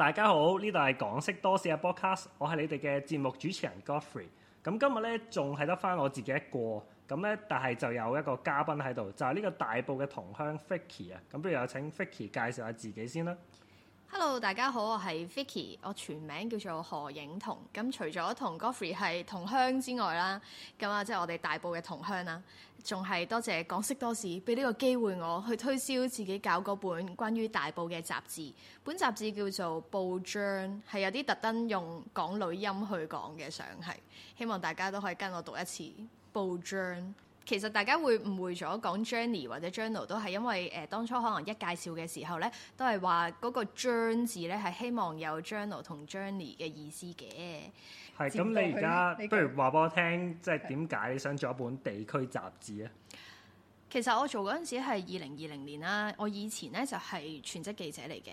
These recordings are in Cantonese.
大家好，呢度係港式多士嘅 podcast，我係你哋嘅節目主持人 Godfrey。咁今日咧仲係得翻我自己一個，咁咧但係就有一個嘉賓喺度，就係呢個大埔嘅同鄉 Vicky 啊。咁不如有請 Vicky 介紹下自己先啦。Hello，大家好，我係 Vicky，我全名叫做何影彤。咁除咗同 Godfrey 係同鄉之外啦，咁啊即係我哋大埔嘅同鄉啦。仲係多謝港識多史俾呢個機會我去推銷自己，搞嗰本關於大埔嘅雜誌。本雜誌叫做埔 JOURN，係有啲特登用港女音去講嘅，相係希望大家都可以跟我讀一次埔 JOURN。其實大家會誤會咗講 journey 或者 journal 都係因為誒、呃、當初可能一介紹嘅時候咧，都係話嗰個 JOURN 字咧係希望有 journal 同 journey 嘅意思嘅。係，咁你而家不如話俾我聽，即係點解你想做一本地區雜誌咧？其實我做嗰陣時係二零二零年啦。我以前咧就係全職記者嚟嘅，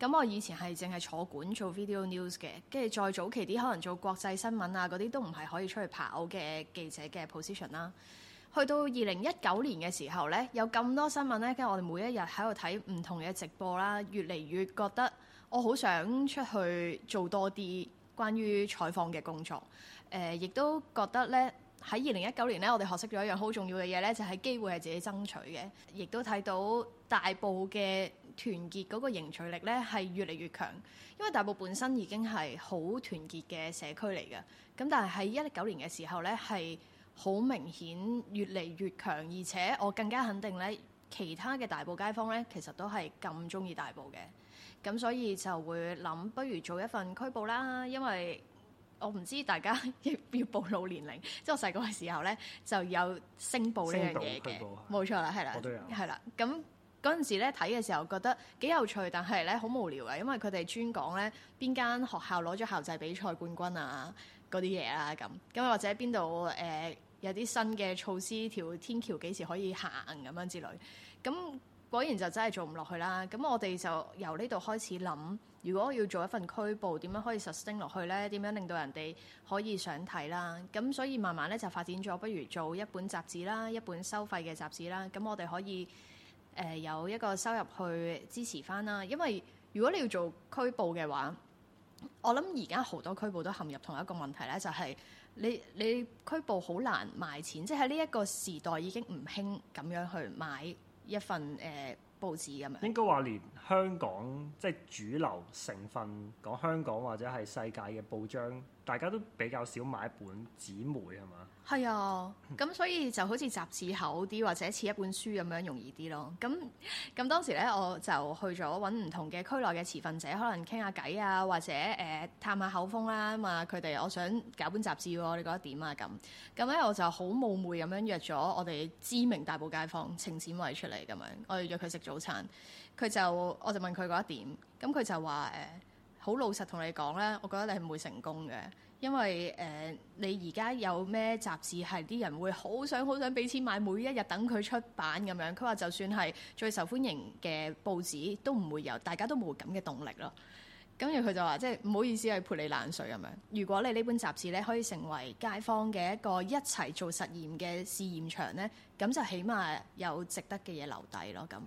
咁我以前係淨係坐館做 video news 嘅，跟住再早期啲可能做國際新聞啊嗰啲都唔係可以出去跑嘅記者嘅 position 啦。去到二零一九年嘅時候咧，有咁多新聞咧，跟住我哋每一日喺度睇唔同嘅直播啦，越嚟越覺得我好想出去做多啲。關於採訪嘅工作，誒、呃、亦都覺得咧，喺二零一九年咧，我哋學識咗一樣好重要嘅嘢咧，就係、是、機會係自己爭取嘅，亦都睇到大埔嘅團結嗰個凝聚力咧係越嚟越強，因為大埔本身已經係好團結嘅社區嚟嘅，咁但係喺一九年嘅時候咧係好明顯越嚟越強，而且我更加肯定咧，其他嘅大埔街坊咧其實都係咁鍾意大埔嘅。咁所以就會諗，不如做一份區報啦。因為我唔知大家要暴露年齡，即係我細個嘅時候咧就有聲報星報呢樣嘢嘅，冇錯啦，係啦，係啦。咁嗰陣時咧睇嘅時候覺得幾有趣，但係咧好無聊啊。因為佢哋專講咧邊間學校攞咗校際比賽冠軍啊嗰啲嘢啦，咁咁、啊、或者邊度誒有啲新嘅措施，條天橋幾時可以行咁樣之類，咁。果然就真係做唔落去啦。咁我哋就由呢度開始諗，如果要做一份區報，點樣可以實踐落去呢？點樣令到人哋可以想睇啦？咁所以慢慢咧就發展咗，不如做一本雜誌啦，一本收費嘅雜誌啦。咁我哋可以、呃、有一個收入去支持翻啦。因為如果你要做區報嘅話，我諗而家好多區報都陷入同一個問題呢，就係、是、你你區報好難賣錢，即係呢一個時代已經唔興咁樣去買。一份誒、呃、報紙咁樣應該話連香港即係、就是、主流成分講香港或者係世界嘅報章，大家都比較少買一本紙媒係嘛？係啊，咁、 哎、所以就好似雜誌厚啲，或者似一本書咁樣容易啲咯。咁、嗯、咁、嗯嗯、當時咧，我就去咗搵唔同嘅區內嘅持份者，可能傾下偈啊，或者誒、呃、探下口風啦嘛。佢哋，我想搞本雜誌喎，你覺得點啊？咁咁咧，我就好冒昧咁樣約咗我哋知名大埔街坊程展偉出嚟咁樣，我哋約佢食早餐。佢就，我就問佢覺得點，咁、嗯、佢就話誒好老實同你講咧，我覺得你係唔會成功嘅。因為誒、呃，你而家有咩雜誌係啲人會好想好想俾錢買，每一日等佢出版咁樣？佢話就算係最受歡迎嘅報紙都唔會有，大家都冇咁嘅動力咯。跟住佢就話，即係唔好意思係潑你冷水咁樣。如果你呢本雜誌咧可以成為街坊嘅一個一齊做實驗嘅試驗場咧，咁就起碼有值得嘅嘢留低咯咁。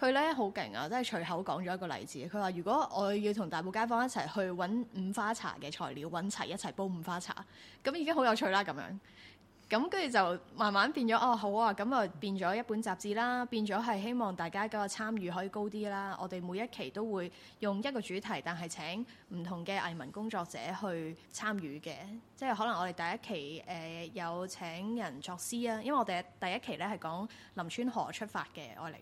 佢咧好勁啊！即係隨口講咗一個例子，佢話：如果我要同大埔街坊一齊去揾五花茶嘅材料，揾齊一齊煲五花茶，咁已經好有趣啦。咁樣咁跟住就慢慢變咗哦。好啊，咁啊變咗一本雜誌啦，變咗係希望大家嗰個參與可以高啲啦。我哋每一期都會用一個主題，但係請唔同嘅藝文工作者去參與嘅，即係可能我哋第一期誒、呃、有請人作詩啊，因為我哋第一期咧係講林村河出發嘅愛玲。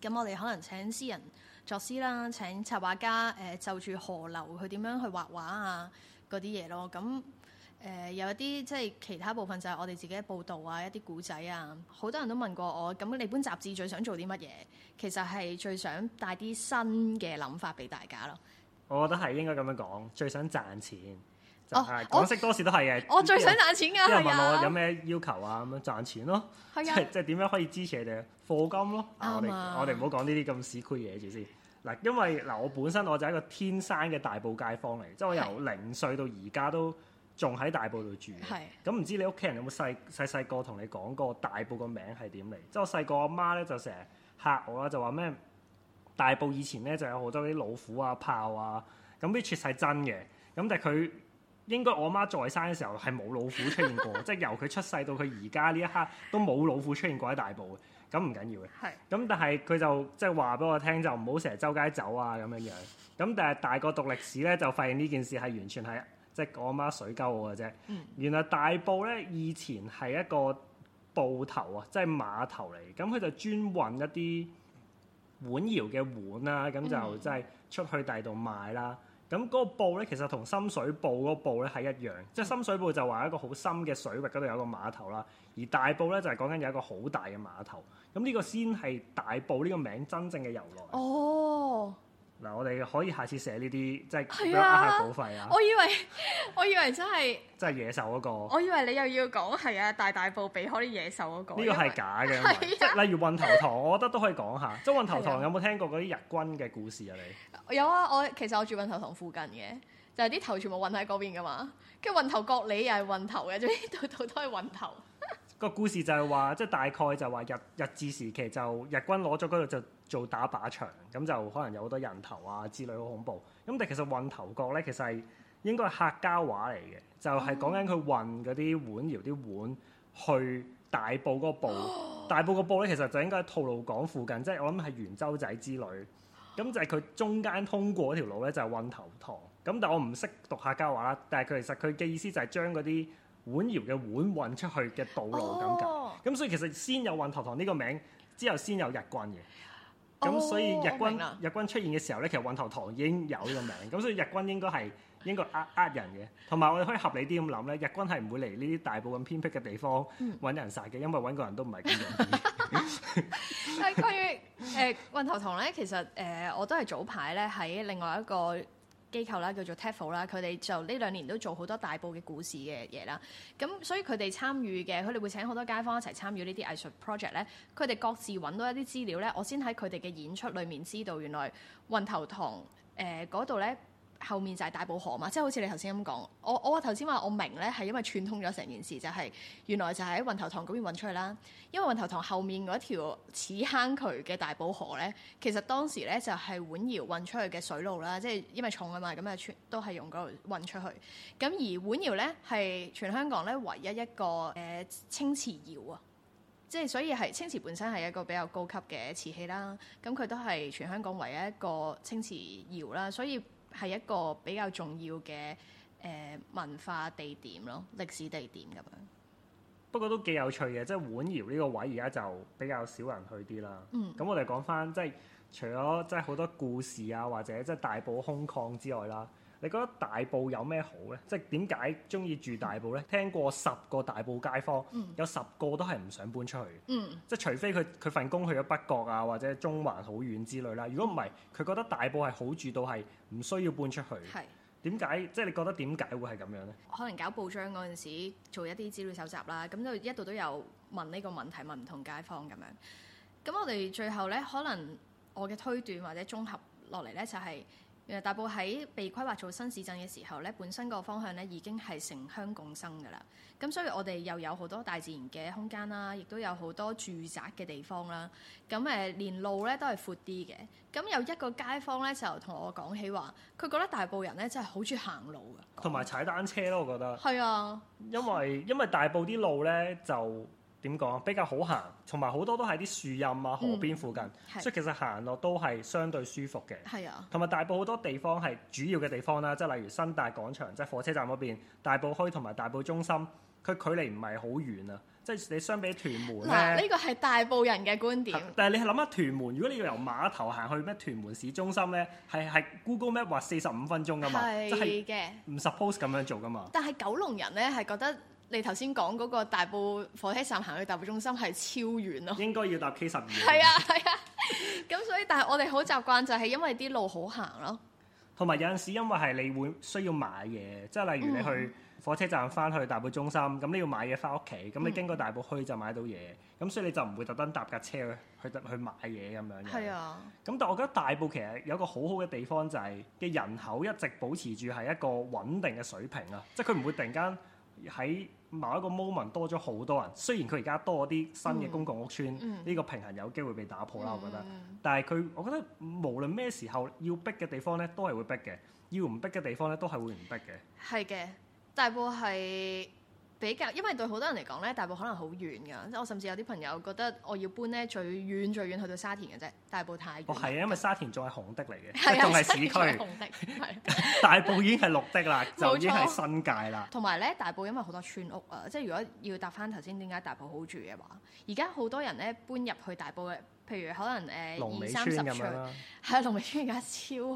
咁我哋可能請詩人作詩啦，請插畫家誒、呃、就住河流去點樣去畫畫啊嗰啲嘢咯。咁、呃、誒有一啲即係其他部分就係我哋自己嘅報道啊，一啲古仔啊，好多人都問過我。咁你本雜誌最想做啲乜嘢？其實係最想帶啲新嘅諗法俾大家咯。我覺得係應該咁樣講，最想賺錢。哦，港識多史都係嘅。我最想賺錢嘅，係啊。即係問我有咩要求啊？咁的樣賺錢咯，的即係即係點樣可以支持你哋？課金咯，我哋我哋唔好講呢啲咁市儈嘢住先。嗱，因為嗱，我本身我就係一個天生嘅大埔街坊嚟，即係我由零歲到而家都仲喺大埔度住。咁唔的知你屋企人有冇細細細個同你講過大埔個名係點嚟？即係我細個阿媽咧就成日吓我啦，就話咩大埔以前咧就有好多啲老虎啊豹啊，咁呢啲係真嘅。咁但係佢。應該我媽在生嘅時候係冇老虎出現過， 即係由佢出世到佢而家呢一刻都冇老虎出現過喺大埔嘅，咁唔緊要嘅、啊。係咁，但係佢就即係話俾我聽，就唔好成日周街走啊咁樣樣。咁但係大個讀歷史咧，就發現呢件事係完全係即係我媽媽水鳩我嘅啫。嗯、原來大埔咧以前係一個埠頭啊，即係碼頭嚟，咁佢就專運一啲碗窯嘅碗啊，咁就即係出去第二度賣啦。嗯咁嗰個埔咧，其實同深水埗嗰埗咧係一樣，即係深水埗就話一個好深嘅水域嗰度有個碼頭啦，而大埔咧就係講緊有一個好大嘅碼頭，咁呢個先係大埔呢個名真正嘅由來。哦。嗱，我哋可以下次寫呢啲，即係俾佢呃下稿費啊，啊我！我以為我以為真係真係野獸嗰、那個。我以為你又要講係啊，大大步避開啲野獸嗰、那個。呢為個係假嘅，啊、即例如運頭塘， 我覺得都可以講下。即係運頭塘有冇聽過嗰啲日軍嘅故事啊？你有啊！我其實我住運頭塘附近嘅，就係、是、啲頭全部運喺嗰邊噶嘛。跟住運頭角裏又係運頭嘅，所以度度都係運頭。 個故事就係話，即、就、係、是、大概就話日日，日治時期就日軍攞咗嗰度就。做打靶場咁就可能有好多人頭啊之類，好恐怖咁。但其實運頭角咧，其實係應該客家話嚟嘅，就係、是、講緊佢運嗰啲碗窰啲碗去大埔嗰個埔。哦、大埔嗰個埔咧，其實就應該喺吐露港附近，即係我諗係元洲仔之類。咁、哦、就係佢中間通過嗰條路咧，就係、是、運頭塘。咁但係我唔識讀客家話啦，但係其實佢嘅意思就係將嗰啲碗窰嘅碗運出去嘅道路咁解。咁、哦、所以其實先有運頭塘呢個名，之後先有日軍嘅。咁所以日軍君日軍出現嘅時候咧，其實運頭塘已經有呢個名，咁所以日軍應該係英國呃呃人嘅，同埋我哋可以合理啲咁諗咧，日軍係唔會嚟呢啲大埔咁偏僻嘅地方揾人殺嘅，因為揾個人都唔係咁容易。係關於誒運頭塘咧，其實誒、呃、我都係早排咧喺另外一個。機構啦，叫做 Tefo 啦，佢哋就呢兩年都做好多大埔嘅故事嘅嘢啦。咁所以佢哋參與嘅，佢哋會請好多街坊一齊參與呢啲藝術 project 咧。佢哋各自揾到一啲資料咧，我先喺佢哋嘅演出裡面知道，原來運頭塘誒嗰度咧，呃後面就係大埔河嘛，即係好似你頭先咁講，我我頭先話我明咧，係因為串通咗成件事，就係原來就喺運頭塘嗰邊運出去啦。因為運頭塘後面嗰一條似坑渠嘅大埔河咧，其實當時咧就係碗窯運出去嘅水路啦，即係因為重啊嘛，咁啊全都係用嗰度運出去。咁而碗窯咧係全香港咧唯一一個誒青瓷窯啊，即係所以係青瓷本身係一個比較高級嘅瓷器啦。咁佢都係全香港唯一一個青瓷窯啦，所以。係一個比較重要嘅誒、呃、文化地點咯，歷史地點咁樣。不過都幾有趣嘅，即係碗窰呢個位而家就比較少人去啲啦。嗯，咁我哋講返即係除咗即係好多故事啊，或者即係大埔空曠之外啦。你覺得大埔有咩好呢？即係點解中意住大埔呢？聽過十個大埔街坊，嗯、有十個都係唔想搬出去。嗯、即係除非佢佢份工去咗北角啊，或者中環好遠之類啦。如果唔係，佢、嗯、覺得大埔係好住到，係唔需要搬出去。點解、嗯？即係、就是、你覺得點解會係咁樣呢？可能搞報章嗰陣時做一啲資料搜集啦，咁就一度都有問呢個問題問唔同街坊咁樣。咁我哋最後呢，可能我嘅推斷或者綜合落嚟呢，就係、是。大埔喺被規劃做新市鎮嘅時候咧，本身個方向咧已經係城鄉共生嘅啦。咁所以我哋又有好多大自然嘅空間啦，亦都有好多住宅嘅地方啦。咁誒，連路咧都係闊啲嘅。咁有一個街坊咧就同我講起話，佢覺得大埔人咧真係好中意行路嘅，同埋踩單車咯。我覺得係啊，因為因為大埔啲路咧就。點講比較好行，同埋好多都係啲樹蔭啊、河邊附近，嗯、所以其實行落都係相對舒服嘅。係啊的，同埋大埔好多地方係主要嘅地方啦，即係例如新大廣場、即係火車站嗰邊、大埔墟同埋大埔中心，佢距離唔係好遠啊。即係你相比屯門咧，呢個係、啊、大埔人嘅觀點。但係你諗下屯門，如果你要由碼頭行去咩屯門市中心咧，係係 Google Map 話四十五分鐘㗎嘛，係嘅的，唔 suppose 咁樣做㗎嘛。但係九龍人咧係覺得。你頭先講嗰個大埔火車站行去大埔中心係超遠咯，應該要搭 K 十二。係啊，係啊。咁所以，但係我哋好習慣就係因為啲路好行咯。同埋有陣時，因為係你會需要買嘢，即係例如你去火車站翻去大埔中心，咁、嗯、你要買嘢翻屋企，咁你經過大埔墟就買到嘢，咁、嗯、所以你就唔會特登搭架車去去，去買嘢咁樣。係啊。咁但係我覺得大埔其實有一個好好嘅地方就係嘅人口一直保持住係一個穩定嘅水平啊，即係佢唔會突然間喺。某一個 moment 多咗好多人，雖然佢而家多咗啲新嘅公共屋邨，呢、嗯、個平衡有機會被打破啦、嗯，我覺得。但係佢，我覺得無論咩時候要逼嘅地方呢，都係會逼嘅；要唔逼嘅地方呢，都係會唔逼嘅。係嘅，大埔係。比較，因為對好多人嚟講咧，大埔可能好遠噶。即係我甚至有啲朋友覺得我要搬咧，最遠最遠去到沙田嘅啫，大埔太遠。哦，係啊，因為沙田仲係紅的嚟嘅，係，仲係市區。紅的係， 大埔已經係綠的啦， 就已經係新界啦。同埋咧，大埔因為好多村屋啊，即係如果要搭翻頭先，點解大埔好住嘅話，而家好多人咧搬入去大埔嘅。譬如可能誒龍尾村咁樣啦，係龍尾村而家超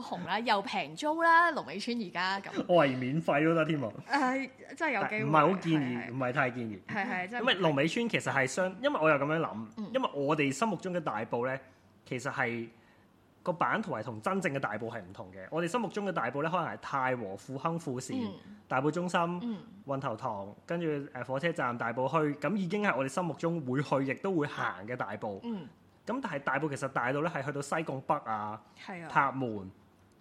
紅啦，又平租啦，龍尾村而家咁，我係免費都得添啊！誒，真係有機會。唔係好建議，唔係太建議。係係，因為龍尾村其實係相，因為我又咁樣諗，因為我哋心目中嘅大埔咧，其實係個版圖係同真正嘅大埔係唔同嘅。我哋心目中嘅大埔咧，可能係太和、富亨、富善、大埔中心、運頭塘，跟住誒火車站、大埔墟，咁已經係我哋心目中會去，亦都會行嘅大埔。嗯。咁但係大埔其實大到咧，係去到西貢北啊、啊塔門，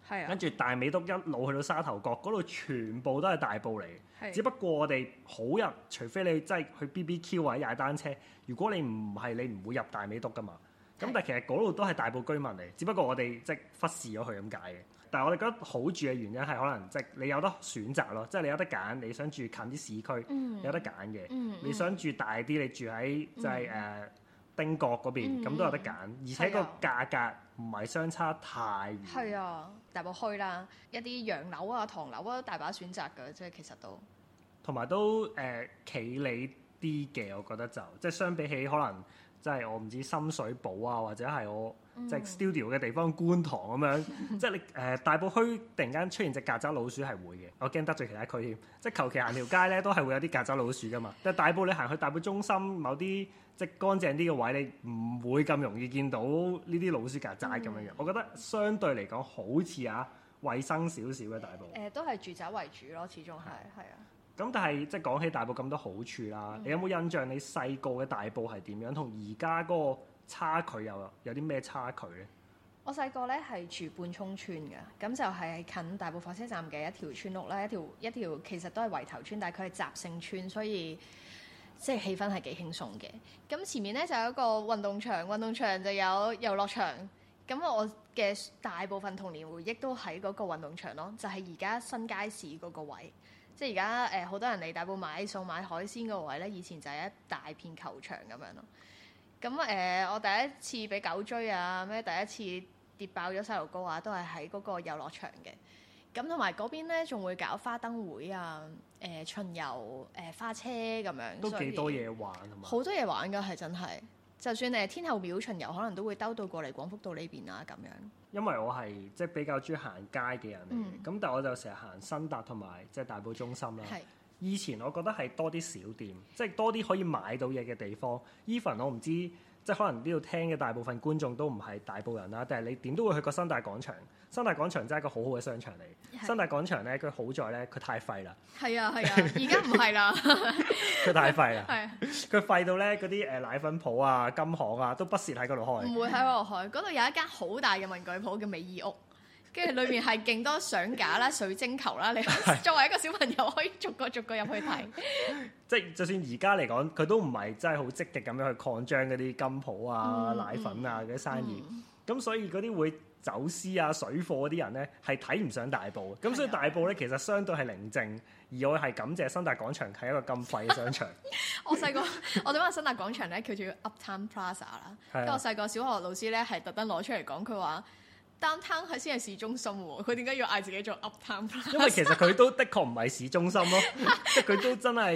啊、跟住大美篤一路去到沙頭角嗰度，全部都係大埔嚟嘅。是只不過我哋好日，除非你真係去 B B Q 或者踩單車。如果你唔係，你唔會入大美篤噶嘛。咁是但係其實嗰度都係大埔居民嚟，只不過我哋即忽視咗佢咁解嘅。但係我哋覺得好住嘅原因係可能即係你有得選擇咯，即、就、係、是、你有得揀，你想住近啲市區、嗯、有得揀嘅，嗯嗯、你想住大啲，你住喺即係誒。Uh, 汀角嗰邊咁、嗯、都有得揀，而且個價格唔係相差太遠。係啊，大埔墟啦，一啲洋樓啊、唐樓啊，大把選擇嘅，即係其實都同埋都誒企理啲嘅，我覺得就即係相比起可能。即係我唔知深水埗啊，或者係我即係 studio 嘅地方觀塘咁樣，嗯、即係你誒、呃、大埔墟突然間出現隻曱甴老鼠係會嘅，我驚得罪其他區添。即係求其行條街咧，都係會有啲曱甴老鼠㗎嘛。但係大埔你行去大埔中心某啲即係乾淨啲嘅位，你唔會咁容易見到呢啲老鼠曱甴咁樣樣。嗯、我覺得相對嚟講好似啊，衞生少少嘅大埔。誒、呃，都、呃、係住宅為主咯，始終係係啊。的咁但係即係講起大埔咁多好處啦，嗯、你有冇印象你細個嘅大埔係點樣？同而家嗰個差距又有啲咩差距呢？我細個咧係住泮涌村嘅，咁就係近大埔火車站嘅一條村屋啦，一條一條其實都係圍頭村，但係佢係雜姓村，所以即係氣氛係幾輕鬆嘅。咁前面咧就有一個運動場，運動場就有遊樂場。咁我嘅大部分童年回憶都喺嗰個運動場咯，就係而家新街市嗰個位。即係而家誒，好、呃、多人嚟大埔買餸買海鮮個位呢，以前就係一大片球場咁樣咯。咁誒、呃，我第一次俾狗追啊，咩第一次跌爆咗細路哥啊，都係喺嗰個遊樂場嘅。咁同埋嗰邊咧，仲會搞花燈會啊，誒、呃、巡遊誒、呃、花車咁樣，都幾多嘢玩啊嘛！好多嘢玩噶，係真係。就算你係天后廟巡遊，可能都會兜到過嚟廣福道呢邊啊咁樣。因為我係即係比較中意行街嘅人嚟，咁、嗯、但係我就成日行新達同埋即係大埔中心啦。是以前我覺得係多啲小店，即、就、係、是、多啲可以買到嘢嘅地方。Even 我唔知。即係可能呢度聽嘅大部分觀眾都唔係大部分人啦，但係你點都會去個新大廣場。新大廣場真係一個好好嘅商場嚟。是啊、新大廣場咧，佢好在咧，佢太廢啦。係啊係啊，而家唔係啦。佢 太廢啦。係。佢廢到咧，嗰啲誒奶粉鋪啊、金行啊，都不屑喺嗰度開。唔會喺嗰度開。嗰度有一間好大嘅文具鋪，叫美宜屋。跟住裏面係勁多相架啦、水晶球啦，你作為一個小朋友可以逐個逐個入去睇。即係就算而家嚟講，佢都唔係真係好積極咁樣去擴張嗰啲金鋪啊、嗯、奶粉啊嗰啲生意。咁、嗯、所以嗰啲會走私啊、水貨嗰啲人咧，係睇唔上大埔。咁所以大埔咧，其實相對係寧靜。而我係感謝新達廣場係一個咁廢嘅商場。 我細個 我哋話新達廣場咧，叫做 Up Time Plaza 啦。因為我細個小學老師咧係特登攞出嚟講，佢話。Downtown 佢先係市中心喎，佢點解要嗌自己做 Up Town？因為其實佢都的確唔係市中心咯，即係佢都真係，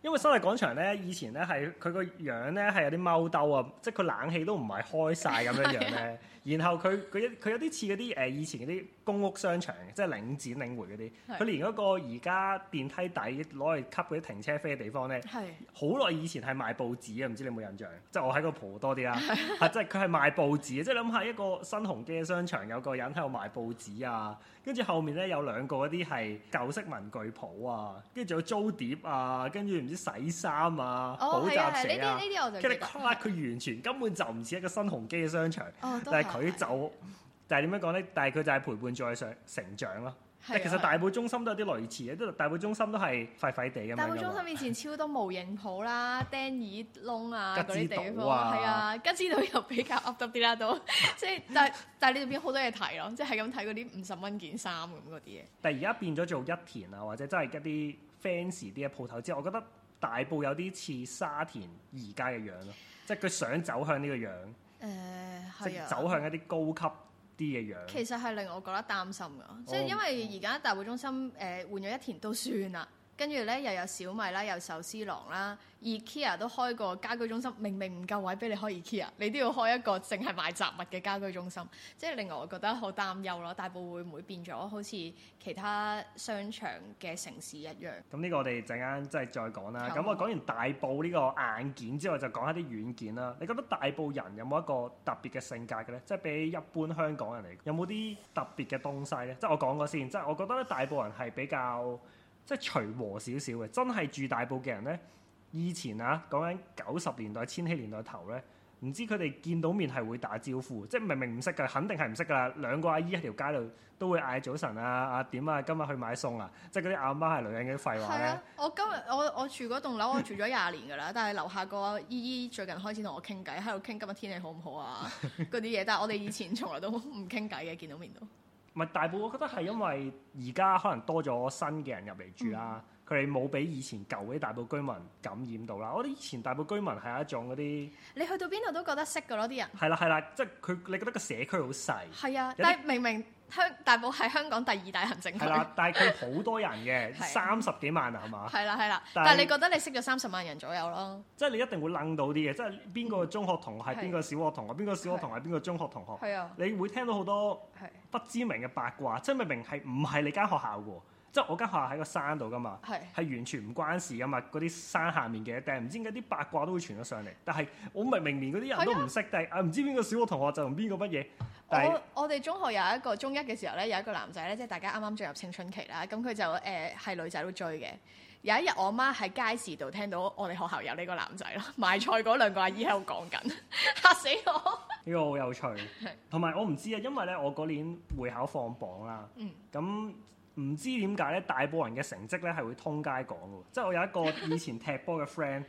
因為新世界廣場咧，以前咧係佢個樣咧係有啲踎兜啊，即係佢冷氣都唔係開晒咁樣樣咧。 然後佢佢一佢有啲似嗰啲誒以前嗰啲公屋商場，即係領展領匯嗰啲。佢是連嗰個而家電梯底攞嚟吸嗰啲停車飛嘅地方咧，係好耐以前係賣報紙嘅，唔知你有冇印象？即係是我喺個鋪多啲啦，係即係佢係賣報紙嘅。即係諗下一個新鴻基嘅商場有個人喺度賣報紙啊，跟住後面咧有兩個嗰啲係舊式文具鋪啊，跟住仲有租碟啊，跟住唔知洗衫啊，哦、補習社啊，跟住佢完全根本就唔似一個新鴻基嘅商場。哦，都。佢走，但係點樣講咧？但係佢就係陪伴在上成長咯。是啊、其實大埔中心都有啲類似，都大埔中心都係廢廢地咁大埔中心以前超多模型鋪啦、釘耳窿啊嗰啲地方，係啊，啊，吉之島又比較 up 啲啦都。即係 但但係你度邊好多嘢睇咯，即係咁睇嗰啲五十蚊件衫咁嗰啲嘢。但係而家變咗做一田啊，或者真係一啲 fancy 啲嘅鋪頭之後，我覺得大埔有啲似沙田而家嘅樣咯，即係佢想走向呢個樣。誒係啊，呃、走向一啲高級啲嘅樣。其實係令我覺得擔心㗎，哦、即係因為而家大埔中心誒換咗一田都算啦。跟住呢，又有小米啦，有壽司郎啦，IKEA 都開過家居中心。明明唔夠位俾你開，IKEA 你都要開一個，淨係賣雜物嘅家居中心，即係令我覺得好擔憂咯。大埔會唔會變咗好似其他商場嘅城市一樣？咁呢個我哋陣間即係再講啦。咁有我講完大埔呢個硬件之後，就講下啲軟件啦。你覺得大埔人有冇一個特別嘅性格嘅呢？即係比一般香港人嚟，有冇啲特別嘅東西呢？即係我講過先，即係我覺得大埔人係比較。即係隨和少少嘅，真係住大埔嘅人咧。以前啊，講緊九十年代、千禧年代頭咧，唔知佢哋見到面係會打招呼，即係明明唔識㗎，肯定係唔識噶啦。兩個阿姨喺條街度都會嗌早晨啊，啊點啊，今日去買餸啊，即係嗰啲阿媽係女人嗰啲廢話咧、啊。我今日我我住嗰棟樓，我住咗廿年㗎啦， 但係樓下個姨姨最近開始同我傾偈，喺度傾今日天，天氣好唔好啊嗰啲嘢，但係我哋以前從來都唔傾偈嘅，見到面都。唔係，大埔我覺得係因為而家可能多咗新嘅人入嚟住啦。嗯。佢哋冇俾以前舊啲大埔居民感染到啦。我覺得以前大埔居民係一種嗰啲，你去到邊度都覺得識噶咯啲人。係啦係啦，即係佢你覺得個社區好細。係啊，但係明明香大埔係香港第二大行政區，但係佢好多人嘅三十幾萬啊，係嘛？係啦係啦，但係你覺得你識咗三十萬人左右咯？即係你一定會楞到啲嘅，即係邊個中學同學係邊個小學同學，邊個小學同學係邊個中學同學？係啊，你會聽到好多不知名嘅八卦，即係明明係唔係你間學校嘅。即係我間學校喺個山度噶嘛，係是完全唔關事噶嘛，嗰啲山下面嘅，但係唔知點解啲八卦都會傳咗上嚟。但係我咪明明嗰啲人的都唔識，定係唔知邊個小學同學就同邊個乜嘢。我我哋中學有一個中一嘅時候咧，有一個男仔咧，即係大家啱啱進入青春期啦，咁佢就誒係、呃、女仔都追嘅。有一日我媽喺街市度聽到我哋學校有呢個男仔咯，賣菜嗰兩個阿姨喺度講緊，嚇死我！呢個好有趣，同埋是我唔知啊，因為咧我嗰年會考放榜啦，咁、嗯。唔知點解咧，大埔人嘅成績咧係會通街講嘅，即係我有一個以前踢波嘅 friend，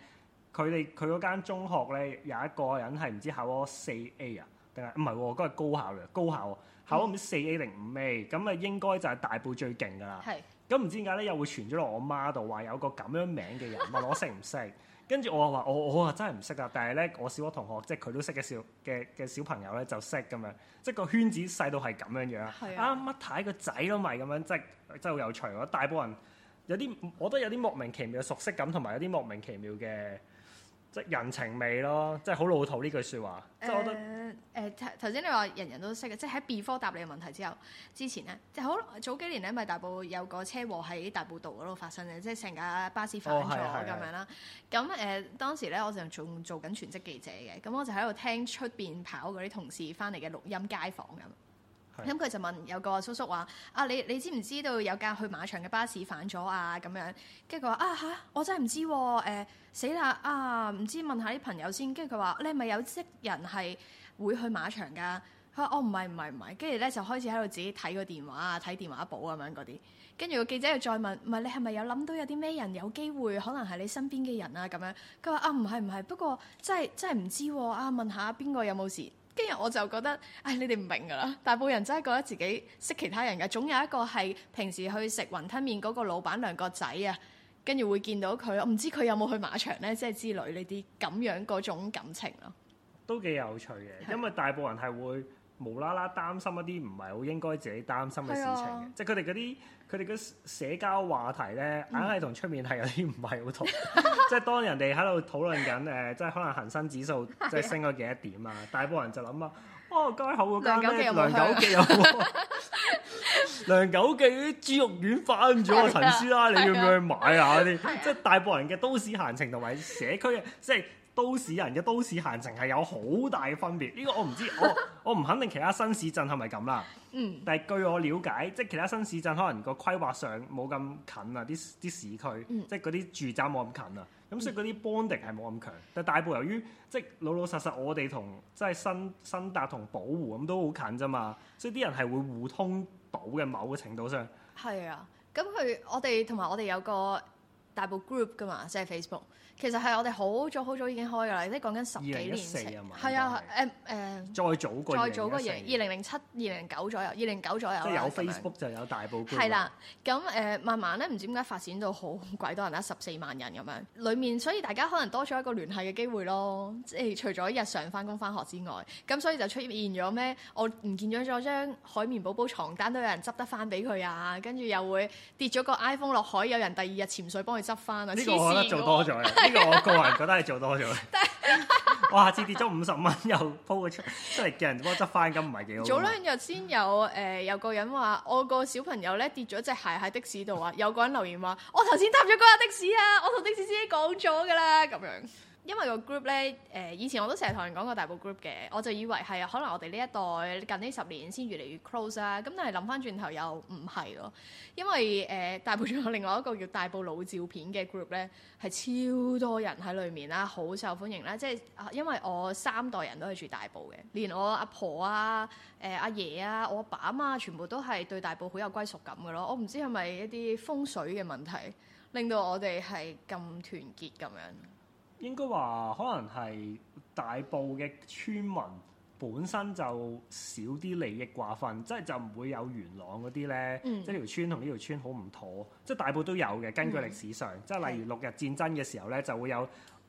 佢哋佢嗰間中學咧有一個人係唔知考咗四 A 啊，定係唔係？嗰係高考嘅高考，考咗唔知四 A 定五 A，咁啊應該就係大埔最勁噶啦。係咁唔知點解咧，又會傳咗落我媽度話有個咁樣名嘅人，問 我識唔識？跟住我話話我我啊真係唔識啦，但係咧我小學同學即係佢都識嘅小嘅嘅小朋友咧就識咁樣，的、啊、樣，即係個圈子細到係咁樣樣啊。啱一睇個仔都咪咁樣，即係即係好有趣咯。我大部分人，有啲我都有啲莫名其妙嘅熟悉感，同埋有啲莫名其妙嘅。即人情味咯，即係好老土呢句説話。即係我覺得誒誒頭先你話人人都識嘅，即係喺 B 科答你嘅問題之後，之前咧即係好早幾年咧咪大埔有個車禍喺大埔道嗰度發生嘅，即係成架巴士翻咗咁樣啦。咁誒是、呃、當時咧我就仲做緊全職記者嘅，咁我就喺度聽出邊跑嗰啲同事翻嚟嘅錄音街訪咁。咁佢、嗯、就問有個叔叔話：啊你你知唔知道有架去馬場嘅巴士反咗啊？咁樣跟住佢話：啊嚇，我真係唔知喎、啊。死、呃、啦！啊唔知問,問下啲朋友先。跟住佢話：你係咪有識人係會去馬場㗎？佢話：哦，唔係唔係唔係。跟住咧就開始喺度自己睇個電話啊，睇電話簿咁樣嗰啲。跟住個記者又再問：唔、啊、係你係咪有諗到有啲咩人有機會可能係你身邊嘅人啊？咁樣佢話：啊唔係唔係，不過真係真係唔知喎、啊。啊問下邊個有冇事？跟住我就覺得，唉、哎，你哋唔明噶啦，大埔人真係覺得自己識其他人嘅，總有一個係平時去食雲吞麵嗰個老闆娘個仔啊，跟住會見到佢，我唔知佢有冇去馬場呢？即係之類呢啲咁樣嗰種感情咯，都幾有趣嘅，因為大埔人係會。無啦啦擔心一啲唔係好應該自己擔心嘅事情是、啊、即係佢哋嗰啲佢哋嘅社交話題咧、嗯， 硬係同出面係有啲唔係好同。即係當人哋喺度討論緊誒，即係可能恒生指數即係升咗幾多點啊，是啊大埔人就諗啊，哇、哦！街口嗰間咩梁九記啊，梁九記啲 豬肉丸翻咗是啊，陳師奶，你要唔要去買是啊些？啲即係大埔人嘅都市閒情同埋社區嘅，即係。都市人嘅都市行程係有好大嘅分別，呢、這個我唔知，我我唔肯定其他新市鎮係咪咁啦。 嗯。但係據我了解，即係其他新市鎮可能個規劃上冇咁近啊，啲啲市區，嗯、即係嗰啲住宅冇咁近啊，咁、嗯嗯、所以嗰啲 bonding 係冇咁強。但大埔由於即係老老實實我，我哋同即係新新達同寶湖咁都好近啫嘛，所以啲人係會互通到嘅某個程度上。係啊，咁佢我哋同埋我哋有個。大埔 group 㗎嘛，即係 Facebook。其實係我哋好早好早已經開㗎啦，即係講緊十幾年前。係啊，誒誒、呃呃、再早個嘢，再早個嘢，二零零七、二零零九左右，二零零九左右。即有 Facebook 樣就有大埔 group。係啦，咁誒、呃、慢慢咧，唔知點解發展到好鬼多人啦，十四萬人咁樣。裏面所以大家可能多咗一個聯繫嘅機會咯，即係除咗日常返工返學之外，咁所以就出現咗咩？我唔見咗咗張海綿寶寶床單都有人執得返俾佢啊！跟住又會跌咗個 iPhone 落海，有人第二日潛水幫佢。執翻啊！呢個我覺得做多咗，呢 個我個人覺得係做多咗。 我下次跌咗五十蚊又鋪佢出嚟，即係叫人幫我執翻，咁唔係幾好。早兩日先有誒，有個人話：我個小朋友咧跌咗隻鞋喺的士度啊！有個人留言話：我頭先搭咗嗰架的士啊！我同的士司機講咗㗎喇，咁樣。因為個 group 咧，誒、呃、以前我都成日同人講過大埔 group 嘅，我就以為係可能我哋呢一代近呢十年先越嚟越 close 啊。咁但係諗翻轉頭又唔係咯，因為誒、呃、大埔仲有另外一個叫大埔老照片嘅 group 咧，係超多人喺裏面啦，好受歡迎啦。即係因為我三代人都係住大埔嘅，連我阿婆啊、誒、呃、阿爺啊、我阿爸阿媽、媽全部都係對大埔好有歸屬感嘅咯。我唔知係咪一啲風水嘅問題令到我哋係咁團結咁樣。應該話可能係大埔嘅村民本身就少啲利益瓜分，即係就唔會有元朗嗰啲咧。嗯、即係條村同呢條村好唔妥，即係大埔都有嘅。根據歷史上，嗯、即係例如六日戰爭嘅時候咧，就會有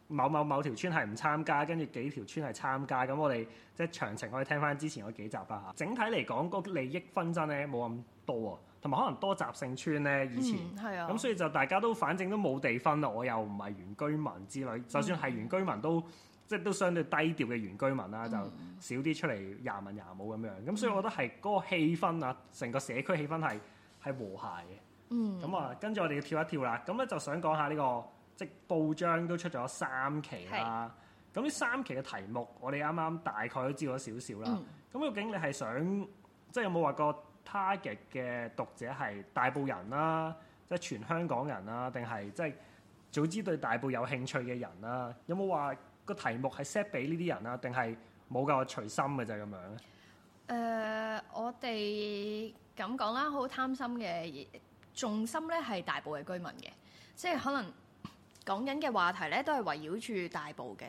某某某條村係唔參加，跟住幾條村係參加。咁我哋即係詳情可以聽翻之前嗰幾集啊。整體嚟講，個利益紛爭咧冇咁多喎。同埋可能多雜性村咧，以前咁所以就大家都反正都冇地分啦，我又唔係原居民之類，嗯、就算係原居民都即係都相對低調嘅原居民啦，嗯、就少啲出嚟廿問廿五咁樣，咁、嗯、所以我覺得係嗰個氣氛啊，成個社區氣氛係係和諧嘅。咁啊、嗯，跟住、嗯、我哋要跳一跳啦。咁咧就想講下呢、呢個即係報章都出咗三期啦。咁呢是三期嘅題目，我哋啱啱大概都知咗少少啦。咁、嗯、究竟你係想即係有冇話過？target 嘅讀者係大埔人啦，即係全香港人啦，定係即係早知對大埔有興趣嘅人啦。有冇話個題目係 set 俾呢啲人啦，定係冇夠隨心嘅就係咁樣咧？誒、呃，我哋咁講啦，好貪心嘅重心咧係大埔嘅居民嘅，即係可能講緊嘅話題咧都係圍繞住大埔嘅。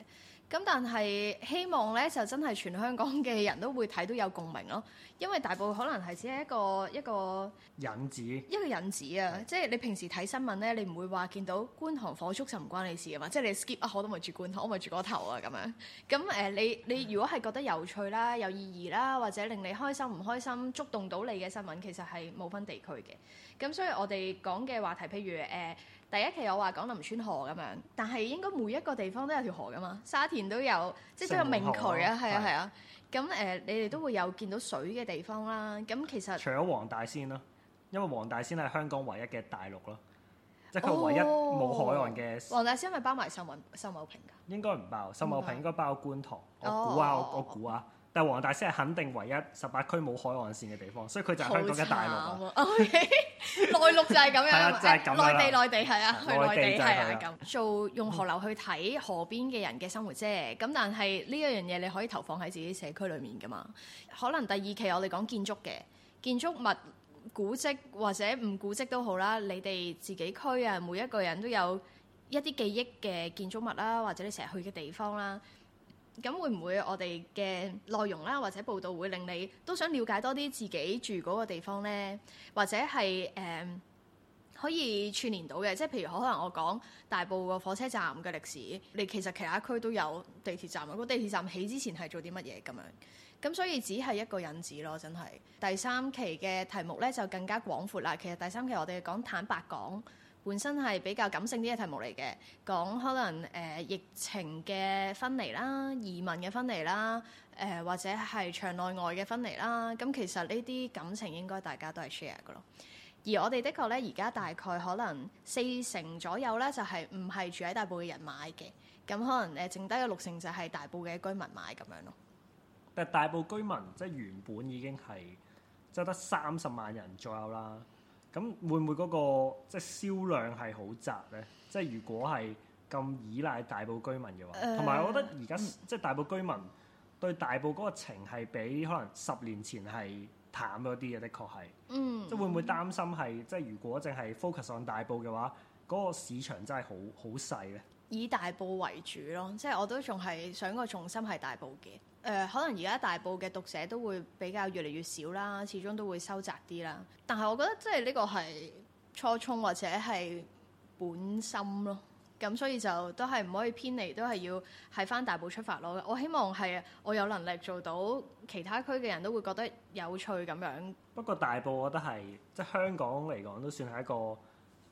咁但係希望咧就真係全香港嘅人都會睇到有共鳴咯，因為大埔可能係只係一個一個一個引子，一個引子啊！嗯、即係你平時睇新聞咧，你唔會話見到觀塘火燭就唔關你事啊嘛！即係你 skip 啊，我都唔係住觀塘，我唔係住嗰頭啊咁樣。咁、嗯、誒、呃，你你如果係覺得有趣啦、有意義啦，或者令你開心唔開心、觸動到你嘅新聞，其實係冇分地區嘅。咁、嗯、所以我哋講嘅話題，譬如誒、呃第一期我話講林村河咁樣，但係應該每一個地方都有條河㗎嘛，沙田都有，即係都有明渠啊，係啊係啊。咁誒、啊啊呃，你哋都會有見到水嘅地方啦。咁其實除咗黃大仙咯，因為黃大仙係香港唯一嘅大陸咯，即係佢唯一冇海岸嘅。黃、哦、大仙係咪包埋秀敏秀茂坪㗎？應該唔包，秀茂坪應該包觀塘。啊、我估下，哦、下，我估下。但係黃大仙係肯定唯一十八區冇海岸線嘅地方，所以佢就係香港嘅大陸啊！ 內陸就係咁樣，內地內地係啊，去內地係啊咁。就係、做用河流去睇河邊嘅人嘅生活啫。咁但係呢一樣嘢你可以投放喺自己社區裡面㗎嘛？可能第二期我哋講建築嘅建築物古蹟或者唔古蹟都好啦。你哋自己區啊，每一個人都有一啲記憶嘅建築物啦、啊，或者你成日去嘅地方啦、啊。咁會唔會我哋嘅內容啦，或者報道會令你都想了解多啲自己住嗰個地方呢？或者係誒、呃、可以串聯到嘅，即係譬如可能我講大埔個火車站嘅歷史，你其實其他區都有地鐵站，個地鐵站起之前係做啲乜嘢咁樣？咁所以只係一個引子咯，真係。第三期嘅題目呢，就更加廣闊啦。其實第三期我哋講坦白講。本身係比較感性啲嘅題目嚟嘅，講可能誒、呃、疫情嘅分離啦、移民嘅分離啦、誒、呃、或者係場內外嘅分離啦。咁、嗯、其實呢啲感情應該大家都係 share 噶咯。而我哋的確咧，而家大概可能四成左右咧，就係唔係住喺大埔嘅人買嘅。咁、嗯、可能誒，剩低嘅六成就係大埔嘅居民買咁樣咯。但大埔居民即係原本已經係即得三十萬人左右啦。咁會唔會嗰個即係銷量係好窄呢？即係如果係咁依賴大埔居民嘅話，同埋、呃、我覺得而家、嗯、即係大埔居民對大埔嗰個情係比可能十年前係淡咗啲嘅，的確係。嗯，即係會唔會擔心係即係如果淨係 focus on 大埔嘅話，嗰個市場真係好好細呢？以大埔為主咯，即係我都仲係想個重心係大埔嘅。誒、呃，可能而家大埔嘅讀者都會比較越嚟越少啦，始終都會收窄啲啦。但係我覺得即係呢個係初衷或者係本心咯，咁所以就都係唔可以偏離，都係要喺返大埔出發咯。我希望係我有能力做到，其他區嘅人都會覺得有趣咁樣。不過大埔我覺得係即係香港嚟講都算係一個。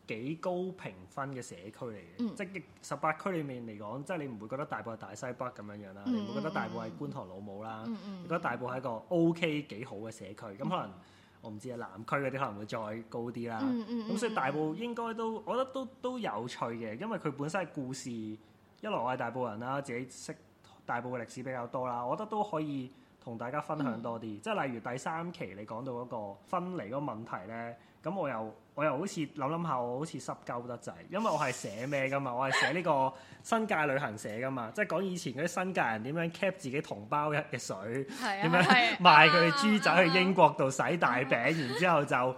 幾高評分嘅社區嚟嘅，嗯、即係十八區裏面嚟講，即係你唔會覺得大埔係大西北咁樣樣啦，嗯、你唔會覺得大埔係觀塘老母啦，嗯嗯、你覺得大埔係一個 OK 幾好嘅社區，咁、嗯、可能我唔知啊南區嗰啲可能會再高啲啦，咁、嗯嗯、所以大埔應該都，我覺得都都，都有趣嘅，因為佢本身係故事，一來我係大埔人啦，自己識大埔嘅歷史比較多啦，我覺得都可以。同大家分享多啲，嗯、即係例如第三期你講到嗰個分離嗰個問題咧，咁我又我又好似諗諗下，我好似濕鳩得滯，因為我係寫咩㗎嘛，我係寫呢個新界旅行社㗎嘛，即係講以前嗰啲新界人點樣 keep 自己同胞嘅水，點樣賣佢哋豬仔去英國度洗大餅，啊、然之後就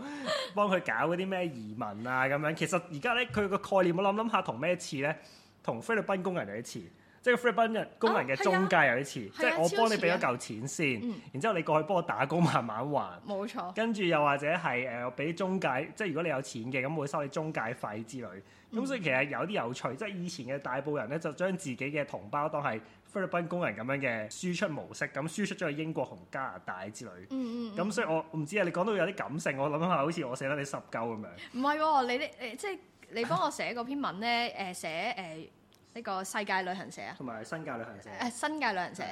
幫佢搞嗰啲咩移民啊咁樣。其實而家咧佢個概念，我諗諗下同咩似咧？同菲律賓工人嚟似。即係菲律賓工人嘅中介有啲次，啊啊、即係我幫你俾咗嚿錢先，啊錢嗯、然之後你過去幫我打工，慢慢還。冇錯錯。跟住又或者係誒，俾、呃、中介，即係如果你有錢嘅，咁會收你中介費之類。咁、嗯、所以其實有啲有趣，即係以前嘅大埔人咧，就將自己嘅同胞當係菲律賓工人咁樣嘅輸出模式，咁輸出咗去英國同加拿大之類。嗯嗯。咁、嗯、所以我唔知啊，你講到有啲感性，我諗下好似我寫得你十鳩咁樣。唔係喎，你啲誒即係你幫我寫嗰篇文咧，誒寫誒。呢個世界旅行社啊，同埋新界旅行社。誒、呃，新界旅行社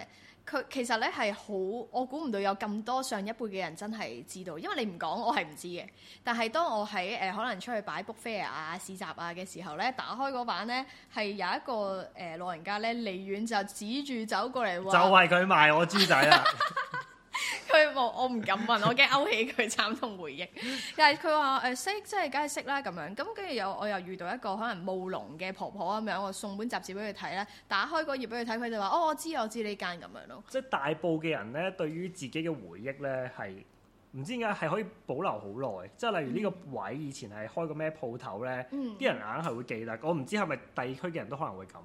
佢是的 其實咧係好，我估唔到有咁多上一輩嘅人真係知道，因為你唔講，我係唔知嘅。但係當我喺誒、呃、可能出去擺 book fair 啊、市集啊嘅時候咧，打開嗰版咧係有一個誒、呃、老人家咧離遠就指住走過嚟話，就係佢賣我豬仔啦。 佢冇， 我唔敢問，我驚勾起佢慘痛回憶。但係佢話誒識，即係梗係識啦咁樣。咁跟住又，我又遇到一個可能務農嘅婆婆咁樣，我送本雜誌俾佢睇咧，打開個頁俾佢睇，佢就話哦，我知我知呢間咁樣咯。即係大埔嘅人咧，對於自己嘅回憶咧，係唔知點解係可以保留好耐。即係例如呢個位以前係開個咩鋪頭咧，啲、嗯、人硬係會記得。我唔知係咪地區嘅人都可能會咁。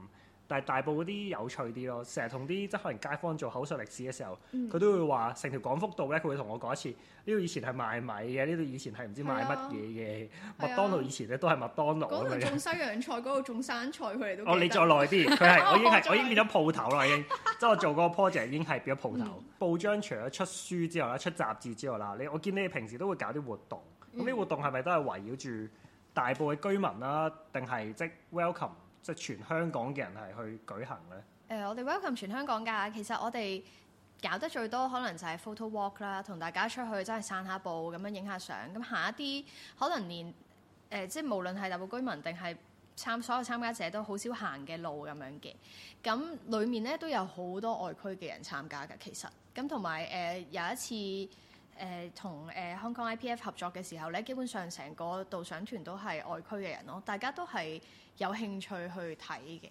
但係大埔嗰啲有趣啲咯，成日同啲即係可能街坊做口述歷史嘅時候，佢、嗯、都會話成條廣福道咧，佢會同我講一次，呢度以前係賣米嘅，呢度以前係唔知賣乜嘢嘅。嗯、麥當勞以前咧都係麥當勞、嗯。嗰度種西洋菜，嗰、那、度、個、種生菜，佢哋都 哦你再耐啲，佢係我已經係 我，我已經變咗鋪頭啦， 已經即係我做個 project 已經係變咗鋪頭。嗯、報章除咗出書之外啦，出雜誌之外啦，你我見你哋平時都會搞啲活動，咁啲、嗯、活動係咪都係圍繞住大埔嘅居民啦，定係即 welcome？即係全香港嘅人係去舉行咧。誒，uh, 我哋 welcome 全香港㗎。其實我哋搞得最多可能就係 photo walk 啦，同大家出去真係散下步咁樣影下相，咁、嗯、行一啲可能連誒、呃，即係無論係大埔居民定係參所有參加者都好少行嘅路咁樣嘅。咁、嗯、裡面咧都有好多外區嘅人參加㗎。其實咁同埋誒有一次。誒同誒 Hong Kong IPF 合作嘅時候咧，基本上成個導賞團都係外區嘅人咯，大家都係有興趣去睇嘅。